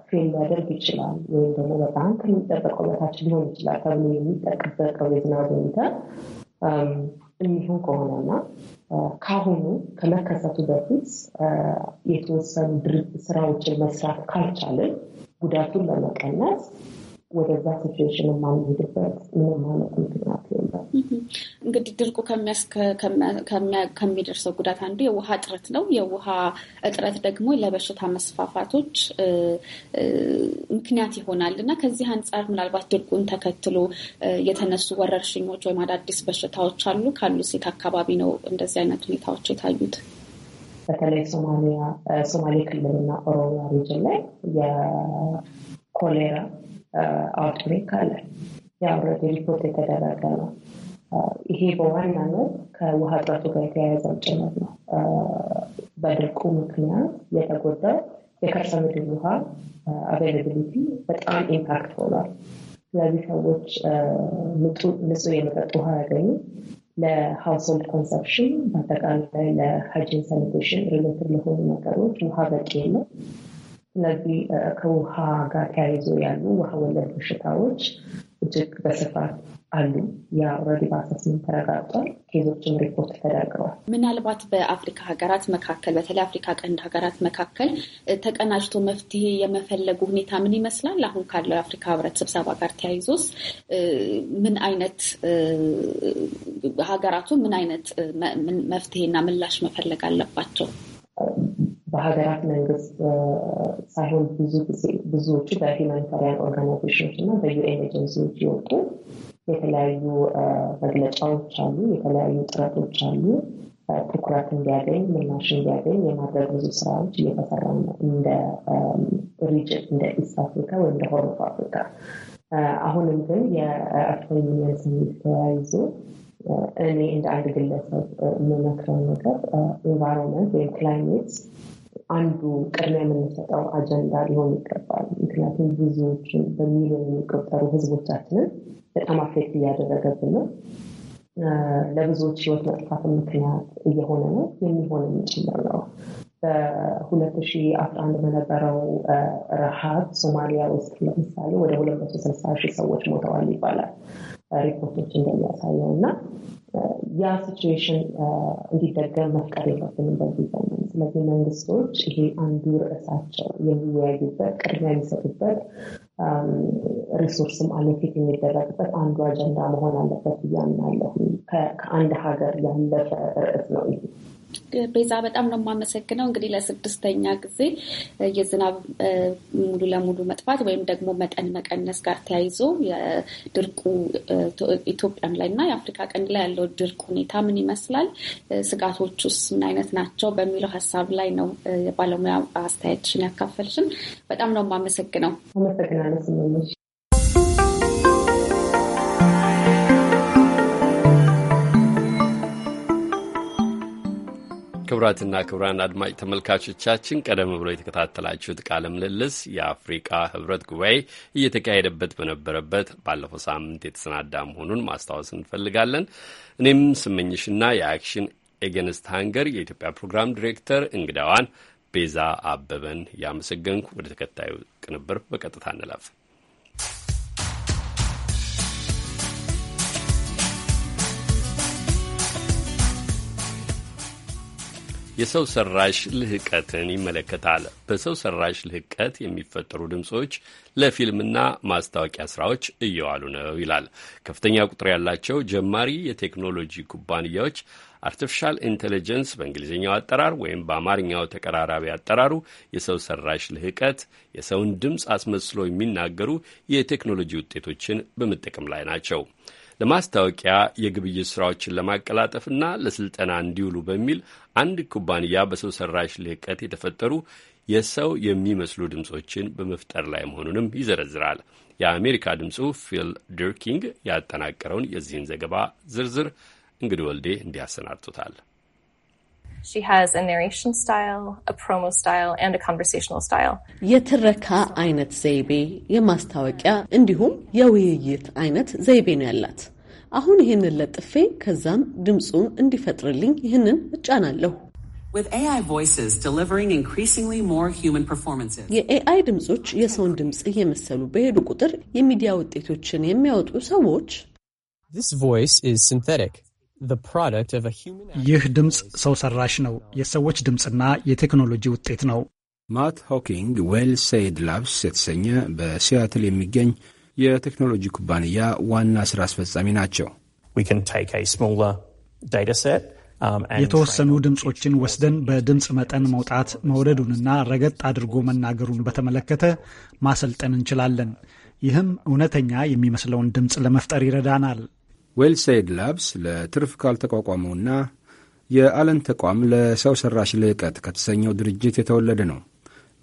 ፌል ሊያደርግ ይችላል ወይም ደግሞ በጣም ከሚጠበቀው በታች ሊሆን ይችላል ተብሎ የሚጠበቀው የዝናብ ሁኔታ የሚሆን ከሆነና ከአሁኑ ከመከሰቱ በፊት የተወሰኑ ስራዎችን መስራት ካልቻለን ጉዳቱን ለመቀነስ ወደዛ ሲቹዌሽን የማንሄድበት ምንም አይነት ምክንያት የለም። እንግዲህ ድርቁ ከሚደርሰው ጉዳት አንዱ የውሃ እጥረት ነው። የውሃ እጥረት ደግሞ ለበሽታ መስፋፋቶች ምክንያት ይሆናል እና ከዚህ አንጻር ምናልባት ድርቁን ተከትሎ የተነሱ ወረርሽኞች ወይም አዳዲስ በሽታዎች አሉ ካሉ ሴት አካባቢ ነው እንደዚህ አይነት ሁኔታዎች የታዩት። በተለይ ሶማሌ ክልልና ኦሮሚያ ሪጅን ላይ የኮሌራ አውትብሬክ አለ። የአውረድ ሪፖርት የተደረገ ነው። ይሄ በዋናነት ከውሃ ጥረቱ ጋር የተያያዘ ጭነት ነው። በድርቁ ምክንያት የተጎዳው የከርሰ ምድር ውሃ አቬላብሊቲ በጣም ኢምፓክት ሆኗል። ስለዚህ ሰዎች ንጹህ የመጠጥ ውሃ ያገኙ ለሃውስሆልድ ኮንሰፕሽን በአጠቃላይ ለሃይጂን ሳኒቴሽን ሪሌትድ ለሆኑ ነገሮች ውሃ በቂ ነው። ስለዚህ ከውሃ ጋር ተያይዞ ያሉ ውሃ ወለድ በሽታዎች እጅግ በስፋት አሉ። የአውረዲ ባሰስም ተረጋግጧል። ኬዞችን ሪፖርት ተደርገዋል። ምናልባት በአፍሪካ ሀገራት መካከል በተለይ አፍሪካ ቀንድ ሀገራት መካከል ተቀናጅቶ መፍትሄ የመፈለጉ ሁኔታ ምን ይመስላል? አሁን ካለው የአፍሪካ ህብረት ስብሰባ ጋር ተያይዞስ ምን አይነት ሀገራቱ ምን አይነት መፍትሄና ምላሽ መፈለግ አለባቸው? በሀገራት መንግስት ሳይሆን ብዙ ጊዜ ብዙዎቹ በሂማኒታሪያን ኦርጋናይዜሽኖች እና በዩኤን ኤጀንሲዎች የወጡ የተለያዩ መግለጫዎች አሉ፣ የተለያዩ ጥረቶች አሉ። ትኩረት እንዲያገኝ ምላሽ እንዲያገኝ የማድረግ ብዙ ስራዎች እየተሰራ ነው። እንደ ሪጅን እንደ ኢስት አፍሪካ ወይም እንደ ሆርን ኦፍ አፍሪካ አሁንም ግን የአፍሪካ ዩኒየን ስሚት ተያይዞ እኔ እንደ አንድ ግለሰብ የምመክረው ነገር ኢንቫይሮንመንት ወይም ክላይሜት አንዱ ቅድሚያ የምንሰጠው አጀንዳ ሊሆን ይገባል። ምክንያቱም ብዙዎችን በሚሊዮን የሚቆጠሩ ህዝቦቻችንን በጣም አፌክት እያደረገብን ነው። ለብዙዎች ህይወት መጥፋት ምክንያት እየሆነ ነው። የሚሆን የሚችለው ነው። በ2011 በነበረው ረሃብ ሶማሊያ ውስጥ ለምሳሌ ወደ 260 ሺህ ሰዎች ሞተዋል ይባላል። ሪፖርቶች እንደሚያሳየው እና ያ ሲትዌሽን እንዲደገም መፍቀድ የለብንም በዚህ ዘመን። ስለዚህ መንግስቶች ይሄ አንዱ ርዕሳቸው የሚወያዩበት ቅድሚያ የሚሰጡበት ሪሶርስም አሎኬት የሚደረግበት አንዱ አጀንዳ መሆን አለበት ብዬ ከአንድ ሀገር ያለፈ ርዕስ ነው ይሄ። ቤዛ በጣም ነው የማመሰግነው። እንግዲህ ለስድስተኛ ጊዜ የዝናብ ሙሉ ለሙሉ መጥፋት ወይም ደግሞ መጠን መቀነስ ጋር ተያይዞ የድርቁ ኢትዮጵያም ላይ እና የአፍሪካ ቀንድ ላይ ያለው ድርቅ ሁኔታ ምን ይመስላል፣ ስጋቶች ውስጥ ምን አይነት ናቸው በሚለው ሀሳብ ላይ ነው የባለሙያ አስተያየትሽን ያካፈልሽን። በጣም ነው የማመሰግነው። አመሰግናለሁ። ክቡራትና ክቡራን አድማጭ ተመልካቾቻችን ቀደም ብሎ የተከታተላችሁት ቃለ ምልልስ የአፍሪቃ ህብረት ጉባኤ እየተካሄደበት በነበረበት ባለፈው ሳምንት የተሰናዳ መሆኑን ማስታወስ እንፈልጋለን። እኔም ስመኝሽና የአክሽን ኤገንስት ሃንገር የኢትዮጵያ ፕሮግራም ዲሬክተር እንግዳዋን ቤዛ አበበን ያመሰገንኩ ወደ ተከታዩ ቅንብር በቀጥታ እንለፍ። የሰው ሰራሽ ልህቀትን ይመለከታል። በሰው ሰራሽ ልህቀት የሚፈጠሩ ድምፆች ለፊልምና ማስታወቂያ ስራዎች እየዋሉ ነው ይላል። ከፍተኛ ቁጥር ያላቸው ጀማሪ የቴክኖሎጂ ኩባንያዎች አርቲፊሻል ኢንቴሊጀንስ በእንግሊዝኛው አጠራር ወይም በአማርኛው ተቀራራቢ አጠራሩ የሰው ሰራሽ ልህቀት የሰውን ድምፅ አስመስሎ የሚናገሩ የቴክኖሎጂ ውጤቶችን በመጠቀም ላይ ናቸው። ለማስታወቂያ የግብይት ስራዎችን ለማቀላጠፍና ለስልጠና እንዲውሉ በሚል አንድ ኩባንያ በሰው ሰራሽ ልህቀት የተፈጠሩ የሰው የሚመስሉ ድምፆችን በመፍጠር ላይ መሆኑንም ይዘረዝራል። የአሜሪካ ድምፁ ፊል ድርኪንግ ያጠናቀረውን የዚህን ዘገባ ዝርዝር እንግዲህ ወልዴ እንዲያሰናድቶታል። She has a narration style, a promo style, and a conversational style. የትረካ አይነት ዘይቤ፣ የማስታወቂያ እንዲሁም የውይይት አይነት ዘይቤ ነው ያላት። አሁን ይህንን ለጥፌ ከዛም ድምፁን እንዲፈጥርልኝ ይህንን እጫናለሁ። With AI voices delivering increasingly more human performances. የኤአይ የሰውን እየመሰሉ በሄዱ ቁጥር የሚዲያ ውጤቶችን የሚያወጡ ሰዎች This voice is synthetic. ይህ ድምፅ ሰው ሰራሽ ነው። የሰዎች ድምፅና የቴክኖሎጂ ውጤት ነው። ማት ሆኪንግ ዌል ሴይድ ላብስ የተሰኘ በሲያትል የሚገኝ የቴክኖሎጂ ኩባንያ ዋና ስራ አስፈጻሚ ናቸው። um, የተወሰኑ ድምፆችን ወስደን በድምፅ መጠን መውጣት መውረዱንና ረገጥ አድርጎ መናገሩን በተመለከተ ማሰልጠን እንችላለን። ይህም እውነተኛ የሚመስለውን ድምፅ ለመፍጠር ይረዳናል። ዌልሳይድ ላብስ ለትርፍ ካልተቋቋመውና የአለን ተቋም ለሰው ሠራሽ ልዕቀት ከተሰኘው ድርጅት የተወለደ ነው።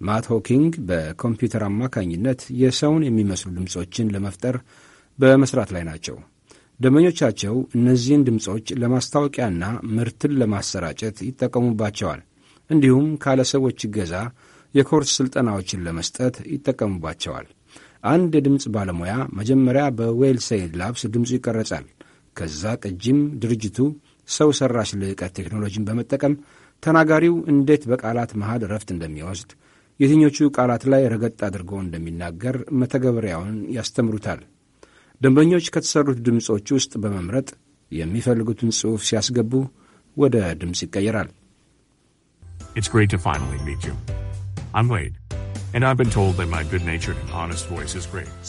ማት ሆኪንግ በኮምፒውተር አማካኝነት የሰውን የሚመስሉ ድምፆችን ለመፍጠር በመስራት ላይ ናቸው። ደንበኞቻቸው እነዚህን ድምፆች ለማስታወቂያና ምርትን ለማሰራጨት ይጠቀሙባቸዋል። እንዲሁም ካለ ሰዎች እገዛ የኮርስ ሥልጠናዎችን ለመስጠት ይጠቀሙባቸዋል። አንድ የድምፅ ባለሙያ መጀመሪያ በዌልሳይድ ላብስ ድምፁ ይቀረጻል። ከዛ ቅጂም ድርጅቱ ሰው ሠራሽ ልዕቀት ቴክኖሎጂን በመጠቀም ተናጋሪው እንዴት በቃላት መሃል እረፍት እንደሚወስድ፣ የትኞቹ ቃላት ላይ ረገጥ አድርጎ እንደሚናገር መተግበሪያውን ያስተምሩታል። ደንበኞች ከተሠሩት ድምፆች ውስጥ በመምረጥ የሚፈልጉትን ጽሑፍ ሲያስገቡ ወደ ድምፅ ይቀየራል።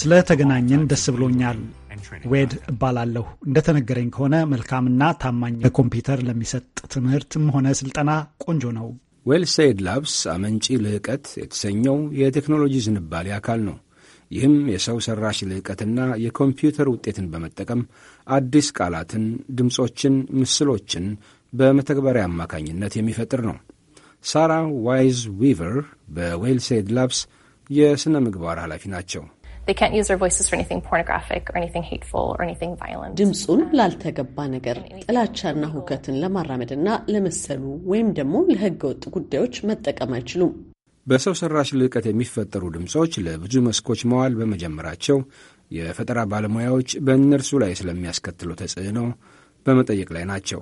ስለ ተገናኘን ደስ ብሎኛል። ዌድ እባላለሁ። እንደተነገረኝ ከሆነ መልካምና ታማኝ በኮምፒውተር ለሚሰጥ ትምህርትም ሆነ ስልጠና ቆንጆ ነው። ዌልሴድ ላብስ አመንጪ ልህቀት የተሰኘው የቴክኖሎጂ ዝንባሌ አካል ነው። ይህም የሰው ሠራሽ ልህቀትና የኮምፒውተር ውጤትን በመጠቀም አዲስ ቃላትን፣ ድምፆችን፣ ምስሎችን በመተግበሪያ አማካኝነት የሚፈጥር ነው። ሳራ ዋይዝ ዊቨር በዌልሴድ ላብስ የሥነ ምግባር ኃላፊ ናቸው። ድምፁን ላልተገባ ነገር ጥላቻና ሁከትን ለማራመድና ለመሰሉ ወይም ደግሞ ለህገ ወጥ ጉዳዮች መጠቀም አይችሉም። በሰው ሰራሽ ልዕቀት የሚፈጠሩ ድምፆች ለብዙ መስኮች መዋል በመጀመራቸው የፈጠራ ባለሙያዎች በእነርሱ ላይ ስለሚያስከትለው ተጽዕኖ በመጠየቅ ላይ ናቸው።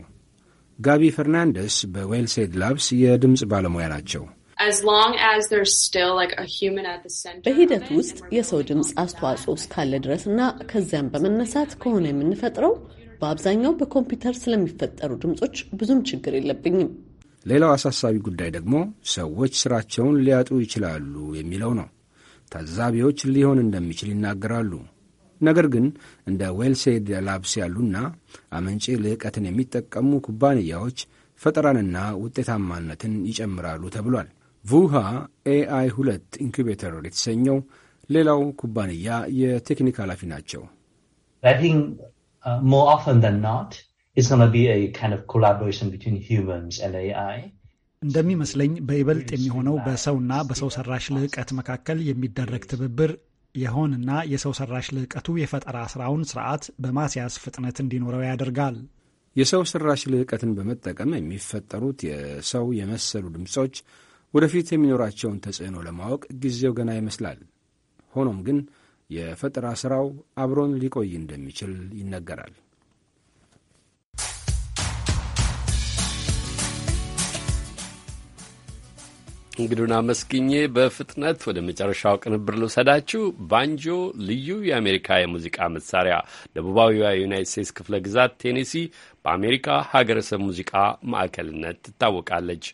ጋቢ ፈርናንደስ በዌልሴድ ላብስ የድምፅ ባለሙያ ናቸው። በሂደት ውስጥ የሰው ድምፅ አስተዋጽኦ እስካለ ድረስ እና ከዚያም በመነሳት ከሆነ የምንፈጥረው በአብዛኛው በኮምፒውተር ስለሚፈጠሩ ድምፆች ብዙም ችግር የለብኝም። ሌላው አሳሳቢ ጉዳይ ደግሞ ሰዎች ስራቸውን ሊያጡ ይችላሉ የሚለው ነው። ታዛቢዎች ሊሆን እንደሚችል ይናገራሉ። ነገር ግን እንደ ዌልሴድ ላብስ ያሉና አመንጪ ልዕቀትን የሚጠቀሙ ኩባንያዎች ፈጠራንና ውጤታማነትን ይጨምራሉ ተብሏል። ቡሃ ኤአይ ሁለት ኢንኩቤተር የተሰኘው ሌላው ኩባንያ የቴክኒክ ኃላፊ ናቸው። uh, እንደሚመስለኝ በይበልጥ የሚሆነው በሰውና በሰው ሰራሽ ልዕቀት መካከል የሚደረግ ትብብር የሆንና የሰው ሰራሽ ልዕቀቱ የፈጠራ ስራውን ስርዓት በማስያዝ ፍጥነት እንዲኖረው ያደርጋል። የሰው ሰራሽ ልዕቀትን በመጠቀም የሚፈጠሩት የሰው የመሰሉ ድምፆች ወደፊት የሚኖራቸውን ተጽዕኖ ለማወቅ ጊዜው ገና ይመስላል። ሆኖም ግን የፈጠራ ሥራው አብሮን ሊቆይ እንደሚችል ይነገራል። እንግዱን አመስግኜ በፍጥነት ወደ መጨረሻው ቅንብር ልውሰዳችሁ። ባንጆ ልዩ የአሜሪካ የሙዚቃ መሳሪያ ደቡባዊዋ የዩናይት ስቴትስ ክፍለ ግዛት ቴኔሲ በአሜሪካ ሀገረሰብ ሙዚቃ ማዕከልነት ትታወቃለች።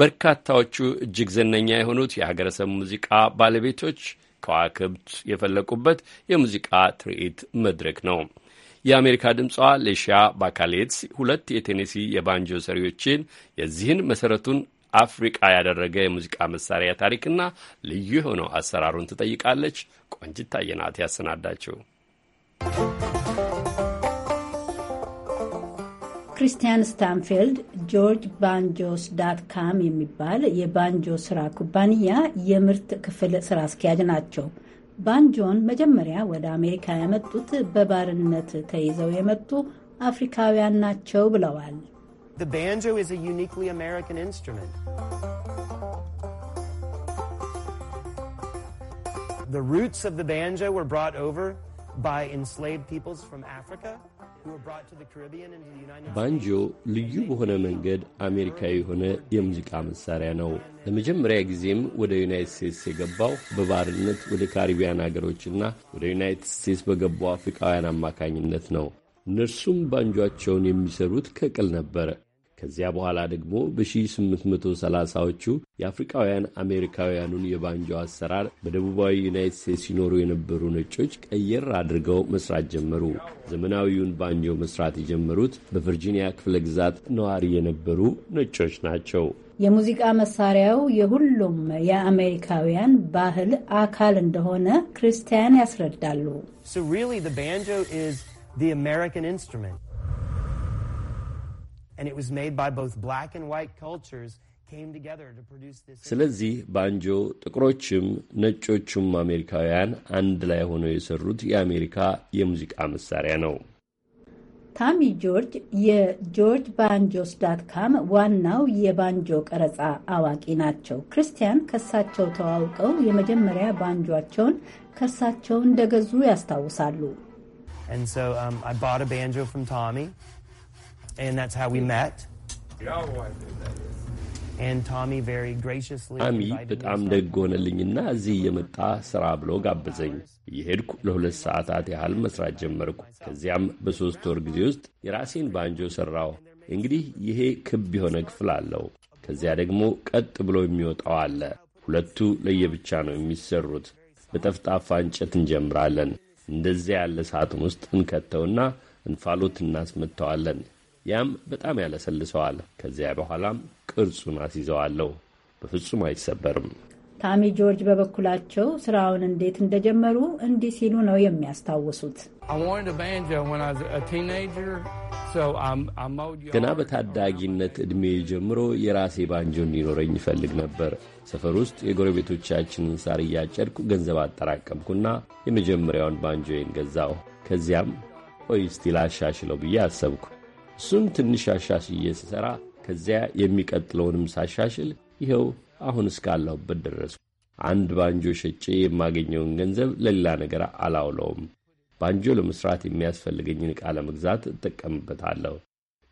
በርካታዎቹ እጅግ ዝነኛ የሆኑት የሀገረሰብ ሙዚቃ ባለቤቶች ከዋክብት የፈለቁበት የሙዚቃ ትርኢት መድረክ ነው። የአሜሪካ ድምጿ ሌሺያ ባካሌትስ ሁለት የቴኔሲ የባንጆ ሰሪዎችን የዚህን መሰረቱን አፍሪቃ ያደረገ የሙዚቃ መሳሪያ ታሪክና ልዩ የሆነው አሰራሩን ትጠይቃለች። ቆንጅት ታየናት ያሰናዳችው ክሪስቲያን ስታንፊልድ ጆርጅ ባንጆስ ዳት ካም የሚባል የባንጆ ስራ ኩባንያ የምርት ክፍል ስራ አስኪያጅ ናቸው። ባንጆን መጀመሪያ ወደ አሜሪካ የመጡት በባርነት ተይዘው የመጡ አፍሪካውያን ናቸው ብለዋል። The roots of the banjo were brought over by enslaved peoples from Africa. ባንጆ ልዩ በሆነ መንገድ አሜሪካዊ የሆነ የሙዚቃ መሳሪያ ነው። ለመጀመሪያ ጊዜም ወደ ዩናይትድ ስቴትስ የገባው በባርነት ወደ ካሪቢያን አገሮችና ወደ ዩናይትድ ስቴትስ በገቡ አፍሪካውያን አማካኝነት ነው። እነርሱም ባንጆቸውን የሚሰሩት ከቅል ነበር። ከዚያ በኋላ ደግሞ በ1830ዎቹ የአፍሪካውያን አሜሪካውያኑን የባንጆ አሰራር በደቡባዊ ዩናይት ስቴትስ ሲኖሩ የነበሩ ነጮች ቀየር አድርገው መስራት ጀመሩ። ዘመናዊውን ባንጆ መስራት የጀመሩት በቨርጂኒያ ክፍለ ግዛት ነዋሪ የነበሩ ነጮች ናቸው። የሙዚቃ መሳሪያው የሁሉም የአሜሪካውያን ባህል አካል እንደሆነ ክርስቲያን ያስረዳሉ። and it was made by both black and white cultures came together to produce this ስለዚህ ባንጆ ጥቁሮችም ነጮቹም አሜሪካውያን አንድ ላይ ሆነው የሰሩት የአሜሪካ የሙዚቃ መሳሪያ ነው። ታሚ ጆርጅ የጆርጅ ባንጆስ ዳት ካም ዋናው የባንጆ ቀረጻ አዋቂ ናቸው። ክርስቲያን ከሳቸው ተዋውቀው የመጀመሪያ ባንጆቸውን ከሳቸው እንደገዙ ያስታውሳሉ። um, ቶሚ በጣም ደግ ሆነልኝና እዚህ የመጣ ስራ ብሎ ጋበዘኝ። እየሄድኩ ለሁለት ሰዓታት ያህል መስራት ጀመርኩ። ከዚያም በሦስት ወር ጊዜ ውስጥ የራሴን ባንጆ ሠራው። እንግዲህ ይሄ ክብ የሆነ ክፍል አለው። ከዚያ ደግሞ ቀጥ ብሎ የሚወጣው አለ። ሁለቱ ለየብቻ ነው የሚሰሩት። በጠፍጣፋ እንጨት እንጀምራለን። እንደዚያ ያለ ሳጥን ውስጥ እንከተውና እንፋሎት እናስመጥተዋለን። ያም በጣም ያለሰልሰዋል። ከዚያ በኋላም ቅርጹን አስይዘዋለሁ። በፍጹም አይሰበርም። ታሚ ጆርጅ በበኩላቸው ስራውን እንዴት እንደጀመሩ እንዲህ ሲሉ ነው የሚያስታውሱት። ገና በታዳጊነት ዕድሜ ጀምሮ የራሴ ባንጆ እንዲኖረኝ ይፈልግ ነበር። ሰፈር ውስጥ የጎረቤቶቻችንን ሳር እያጨድኩ ገንዘብ አጠራቀምኩና የመጀመሪያውን ባንጆዬን ገዛው። ከዚያም ቆይ ስቲል አሻሽለው ብዬ አሰብኩ። እሱን ትንሽ አሻሽዬ ስሠራ ከዚያ የሚቀጥለውንም ሳሻሽል ይኸው አሁን እስካለሁበት ደረስኩ። አንድ ባንጆ ሸጬ የማገኘውን ገንዘብ ለሌላ ነገር አላውለውም። ባንጆ ለመሥራት የሚያስፈልገኝን ዕቃ ለመግዛት እጠቀምበታለሁ።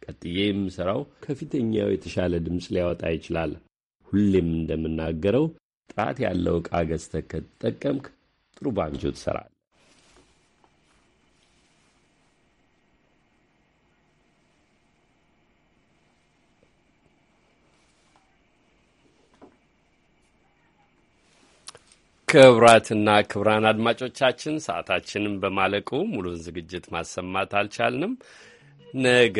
ቀጥዬ የምሠራው ከፊተኛው የተሻለ ድምፅ ሊያወጣ ይችላል። ሁሌም እንደምናገረው ጥራት ያለው ዕቃ ገዝተህ ከተጠቀምክ ጥሩ ባንጆ ትሠራል። ክብራትና ክብራን አድማጮቻችን ሰዓታችንን በማለቁ ሙሉን ዝግጅት ማሰማት አልቻልንም። ነገ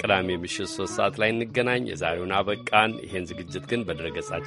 ቅዳሜ ምሽት ሶስት ሰዓት ላይ እንገናኝ። የዛሬውን አበቃን። ይሄን ዝግጅት ግን በድረገጻችን